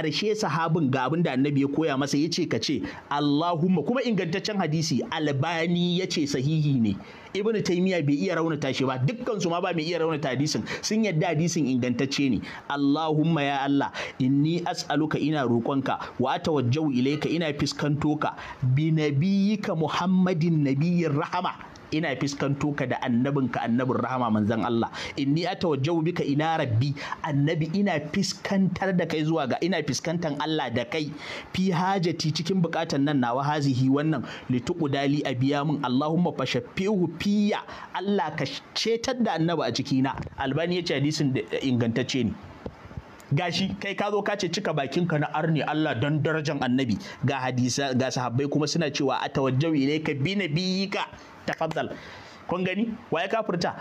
ƙarshe sahabin ga abin da annabi ya koya masa ya ce ka ce Allahumma kuma ingantaccen hadisi albani ya ce sahihi ne ibn taymiya bai iya raunata shi ba dukkan su ma ba mai iya raunata hadisin sun yadda hadisin ingantacce ne Allahumma ya Allah inni as'aluka ina roƙonka wa atawajjau ilayka ina fiskanto ka bi nabiyyika Muhammadin nabiyyin rahama ina fiskanto ka da annabinka annabin rahama manzon Allah inni atawajjahu bika ila rabbi annabi ina fiskantar da kai zuwa ga ina fiskantan Allah da kai fi hajati cikin bukatan nan nawa hazihi wannan litukudali a biya min Allahumma fashaffihu fiya Allah ka cetar da annabi a cikina albani yace hadisin da ingantacce ne gashi kai ka zo ka ce cika ka na arni Allah don darajan annabi ga hadisa ga sahabbai kuma suna cewa atawajjahu ilayka bi nabiyika tafaddal kun gani wa ya kafirta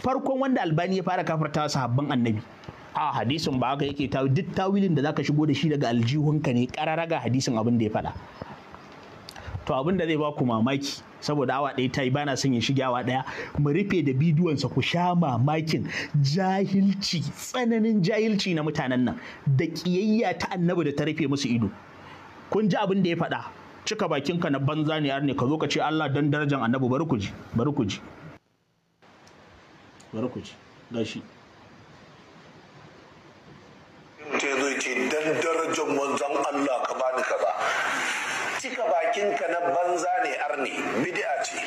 farkon wanda albani ya fara kafirta sahabban annabi a hadisin ba haka yake tawi duk tawilin da zaka shigo da shi daga aljihunka ne ga hadisin abin da ya faɗa to abin da zai ba ku mamaki saboda awa ɗaya ta yi bana son ya shiga awa ɗaya mu rufe da bidiyonsa ku sha mamakin jahilci tsananin jahilci na mutanen nan da ƙiyayya ta annabi da ta rufe musu ido kun ji abin da ya faɗa cika bakinka na banza ne ne ka zo ka ce Allah dan darajar annabi bari ku ji bari ku ji bari ku ji gashi ke zo ce dan darajar manzon Allah ka bani kaza cika bakinka na banza ne arne bid'a ce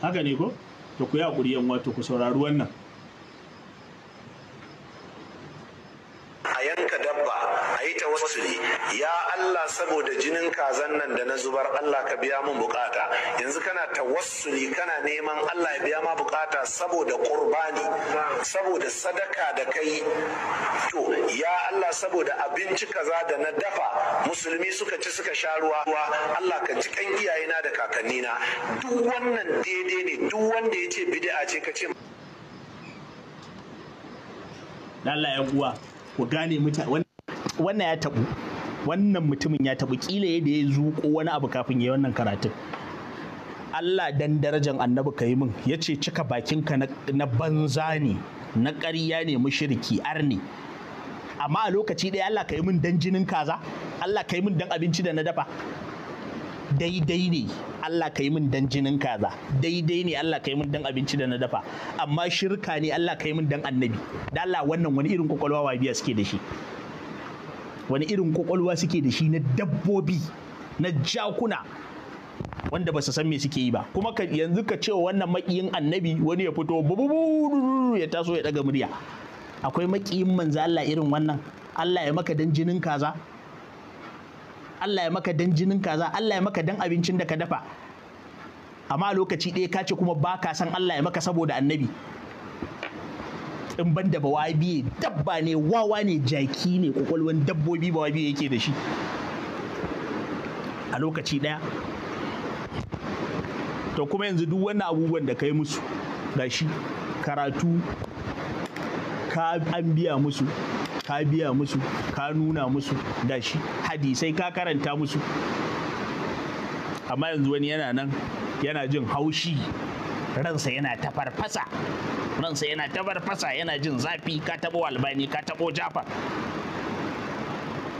haka ne ko to ku yi hakuri yan wato ku saurari wannan a yanka dabba a yi ta tawassuli ya Allah saboda jinin kazan nan da na zubar Allah ka biya mun bukata yanzu kana tawassuli kana neman Allah ya biya ma bukata saboda qurbani saboda sadaka da kai to ya Allah saboda abinci kaza da na dafa musulmi suka ci suka sha ruwa Allah ka ji kan iyayena da kakannina duk wannan daidai ne duk wanda ya ce bid'a ce ka ce Allah ya guwa ku gane mutane wannan ya tabu wannan mutumin ya taɓa kila yadda ya ko wani abu kafin ya yi wannan karatun Allah dan darajan annabi ka yi min ya ce cika bakinka na banza ne na ƙarya ne mushriki arni amma a lokaci ɗaya Allah ka yi min dan jinin kaza Allah ka yi min dan abinci da na dafa daidai ne Allah ka yi min dan jinin kaza daidai ne Allah ka yi min dan abinci da na dafa amma shirka ne Allah ka yi min dan annabi da Allah wannan wani irin kwakwalwa biya suke da shi wani irin kwakwalwa suke da shi na dabbobi na jakuna wanda ba su san me suke yi ba kuma yanzu ka ce wannan makiyin annabi wani ya fito ya taso ya daga murya akwai makiyin manzo Allah irin wannan Allah ya maka dan jinin kaza Allah ya maka dan jinin kaza Allah ya maka dan abincin da ka dafa amma lokaci ɗaya ka ce kuma ba ka san Allah ya maka saboda annabi in ban da bawabiye dabba ne wawa ne jaki ne kwakwalwan dabbobi bawabiye yake da shi a lokaci ɗaya to kuma yanzu duk wannan abubuwan da ka yi musu da shi karatu ka an biya musu ka biya musu ka nuna musu da shi hadisai ka karanta musu amma yanzu wani yana nan yana jin haushi ransa yana ta ransa yana tabar fasa yana jin zafi ka tabo albani ka tabo jafar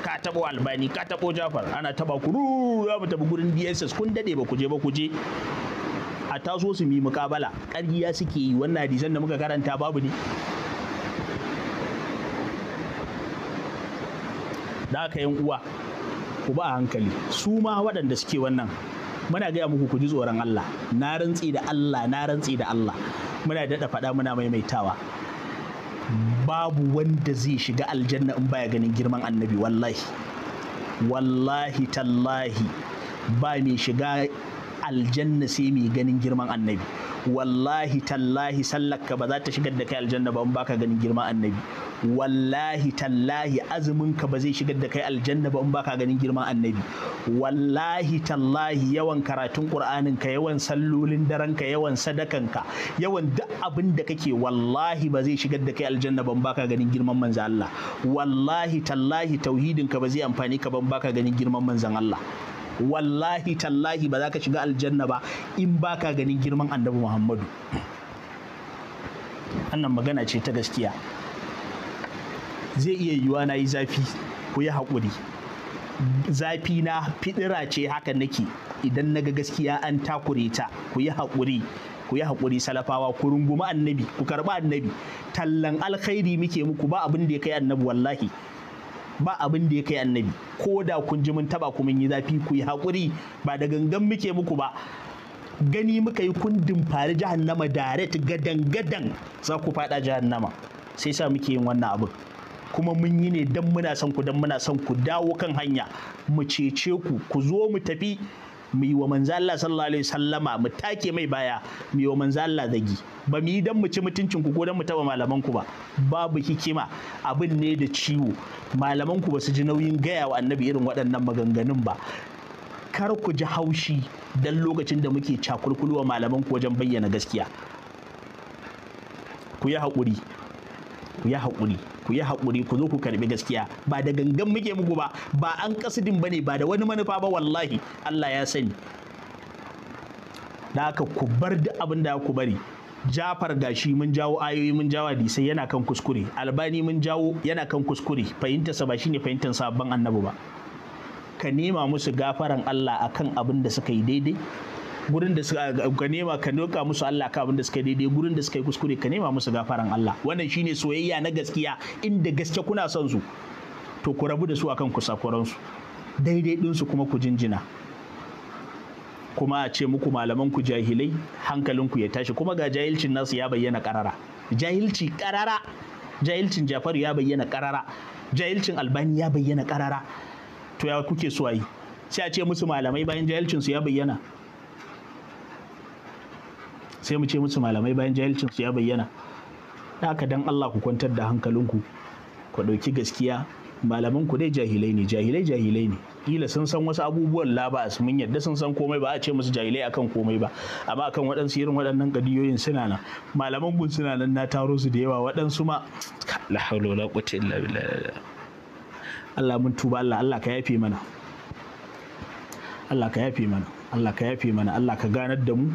ka tabo albani ka tabo jafar ana taba ku za mu tabi gurin dss kun dade ba kuje ba kuje a taso su mi mukabala ƙarya suke yi wannan hadisan da muka karanta babu ne da aka yan uwa ku ba hankali su ma waɗanda suke wannan muna gaya muku ku ji tsoron Allah na rantsi da Allah na rantsi da Allah muna daɗa faɗa muna maimaitawa babu wanda zai shiga aljanna in baya ganin girman annabi wallahi wallahi tallahi ba mai shiga aljanna sai mai ganin girman annabi wallahi tallahi sallaka ba za ta shigar da kai aljanna ba in baka ganin girman annabi wallahi tallahi azumin ka ba zai shigar da kai aljanna ba in baka ganin girman annabi wallahi tallahi yawan karatun qur'anin ka yawan sallolin daren ka yawan sadakan ka yawan duk abin da kake wallahi ba zai shigar da kai aljanna ba in baka ganin girman manzon Allah wallahi tallahi tauhidin ka ba zai amfani ka ba in baka ganin girman manzon Allah wallahi tallahi ba za ka shiga aljanna ba in baka ganin girman annabi Muhammadu annan magana ce ta gaskiya zai iya yiwuwa na yi zafi ku yi haƙuri zafi na fiɗira ce haka nake idan na ga gaskiya an takure ta ku yi haƙuri ku yi haƙuri salafawa ku rungumi annabi ku karɓi annabi tallan alkhairi muke muku ba abin da ya kai annabi wallahi ba abin da ya kai annabi ko da kun ji mun taba ku mun yi zafi ku yi haƙuri ba da gangan muke muku ba gani muka yi kun dimfari jahannama direct gadan gadan za ku faɗa jahannama sai sa muke yin wannan abin kuma mun yi ne don muna son ku don muna son ku dawo kan hanya mu cece ku ku zo mu tafi mu yi wa manzo Allah sallallahu alaihi wasallama mu take mai baya mu yi wa manzo Allah zagi ba mu yi dan mu ci mutuncin ku ko dan mu taba malaman ku ba babu hikima abin ne da ciwo malaman ku ba su ji nauyin gaya wa annabi irin waɗannan maganganun ba kar ku ji haushi dan lokacin da muke cakulkulwa malaman ku wajen bayyana gaskiya ku yi haƙuri ku yi haƙuri ku yi haƙuri ku zo ku karɓi gaskiya ba da gangan muke muku ba ba an kasidin ne ba da wani manufa ba wallahi Allah ya sani da haka ku bar duk abin da ku bari jafar gashi mun jawo ayoyi mun jawo hadisai yana kan kuskure albani mun jawo yana kan kuskure sa ba shine fahimtar sabon annabi ba ka nema musu gafaran Allah akan abin da suka yi daidai gurin da suka ka nema ka doka musu Allah ka abin da suka daidai gurin da suka yi kuskure ka nema musu gafaran Allah wannan shine soyayya na gaskiya inda gaske kuna son su to ku rabu da su akan kusa su daidai din kuma ku jinjina kuma a ce muku malaman ku jahilai hankalin ku ya tashi kuma ga jahilcin nasu ya bayyana karara jahilci karara jahilcin Jafaru ya bayyana karara jahilcin Albani ya bayyana karara to ya kuke so yi sai a ce musu malamai bayan jahilcin su ya bayyana sai mu ce musu malamai bayan jahilcin su ya bayyana aka dan Allah ku kwantar da hankalinku ku ɗauki gaskiya malaman ku dai jahilai ne jahilai jahilai ne kila sun san wasu abubuwan labas mun yadda sun san komai ba a ce musu jahilai akan komai ba amma akan waɗansu irin waɗannan kadiyoyin suna nan malaman gun suna nan na taro su da yawa waɗansu ma la haula wala quwwata illa billah Allah mun tuba Allah Allah ka yafe mana Allah ka yafe mana Allah ka yafe mana Allah ka ganar da mu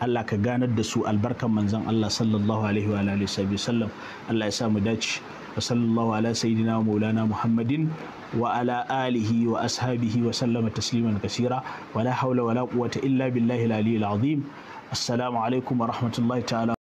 Allah ka ganar da su albarkan manzon Allah sallallahu alaihi wa alihi sallam Allah ya sa mu dace wa sallallahu ala sayidina wa maulana Muhammadin wa ala alihi wa ashabihi wa sallama tasliman kasira wala hawla wala quwwata illa billahi al-aliyyil azim assalamu alaikum wa rahmatullahi ta'ala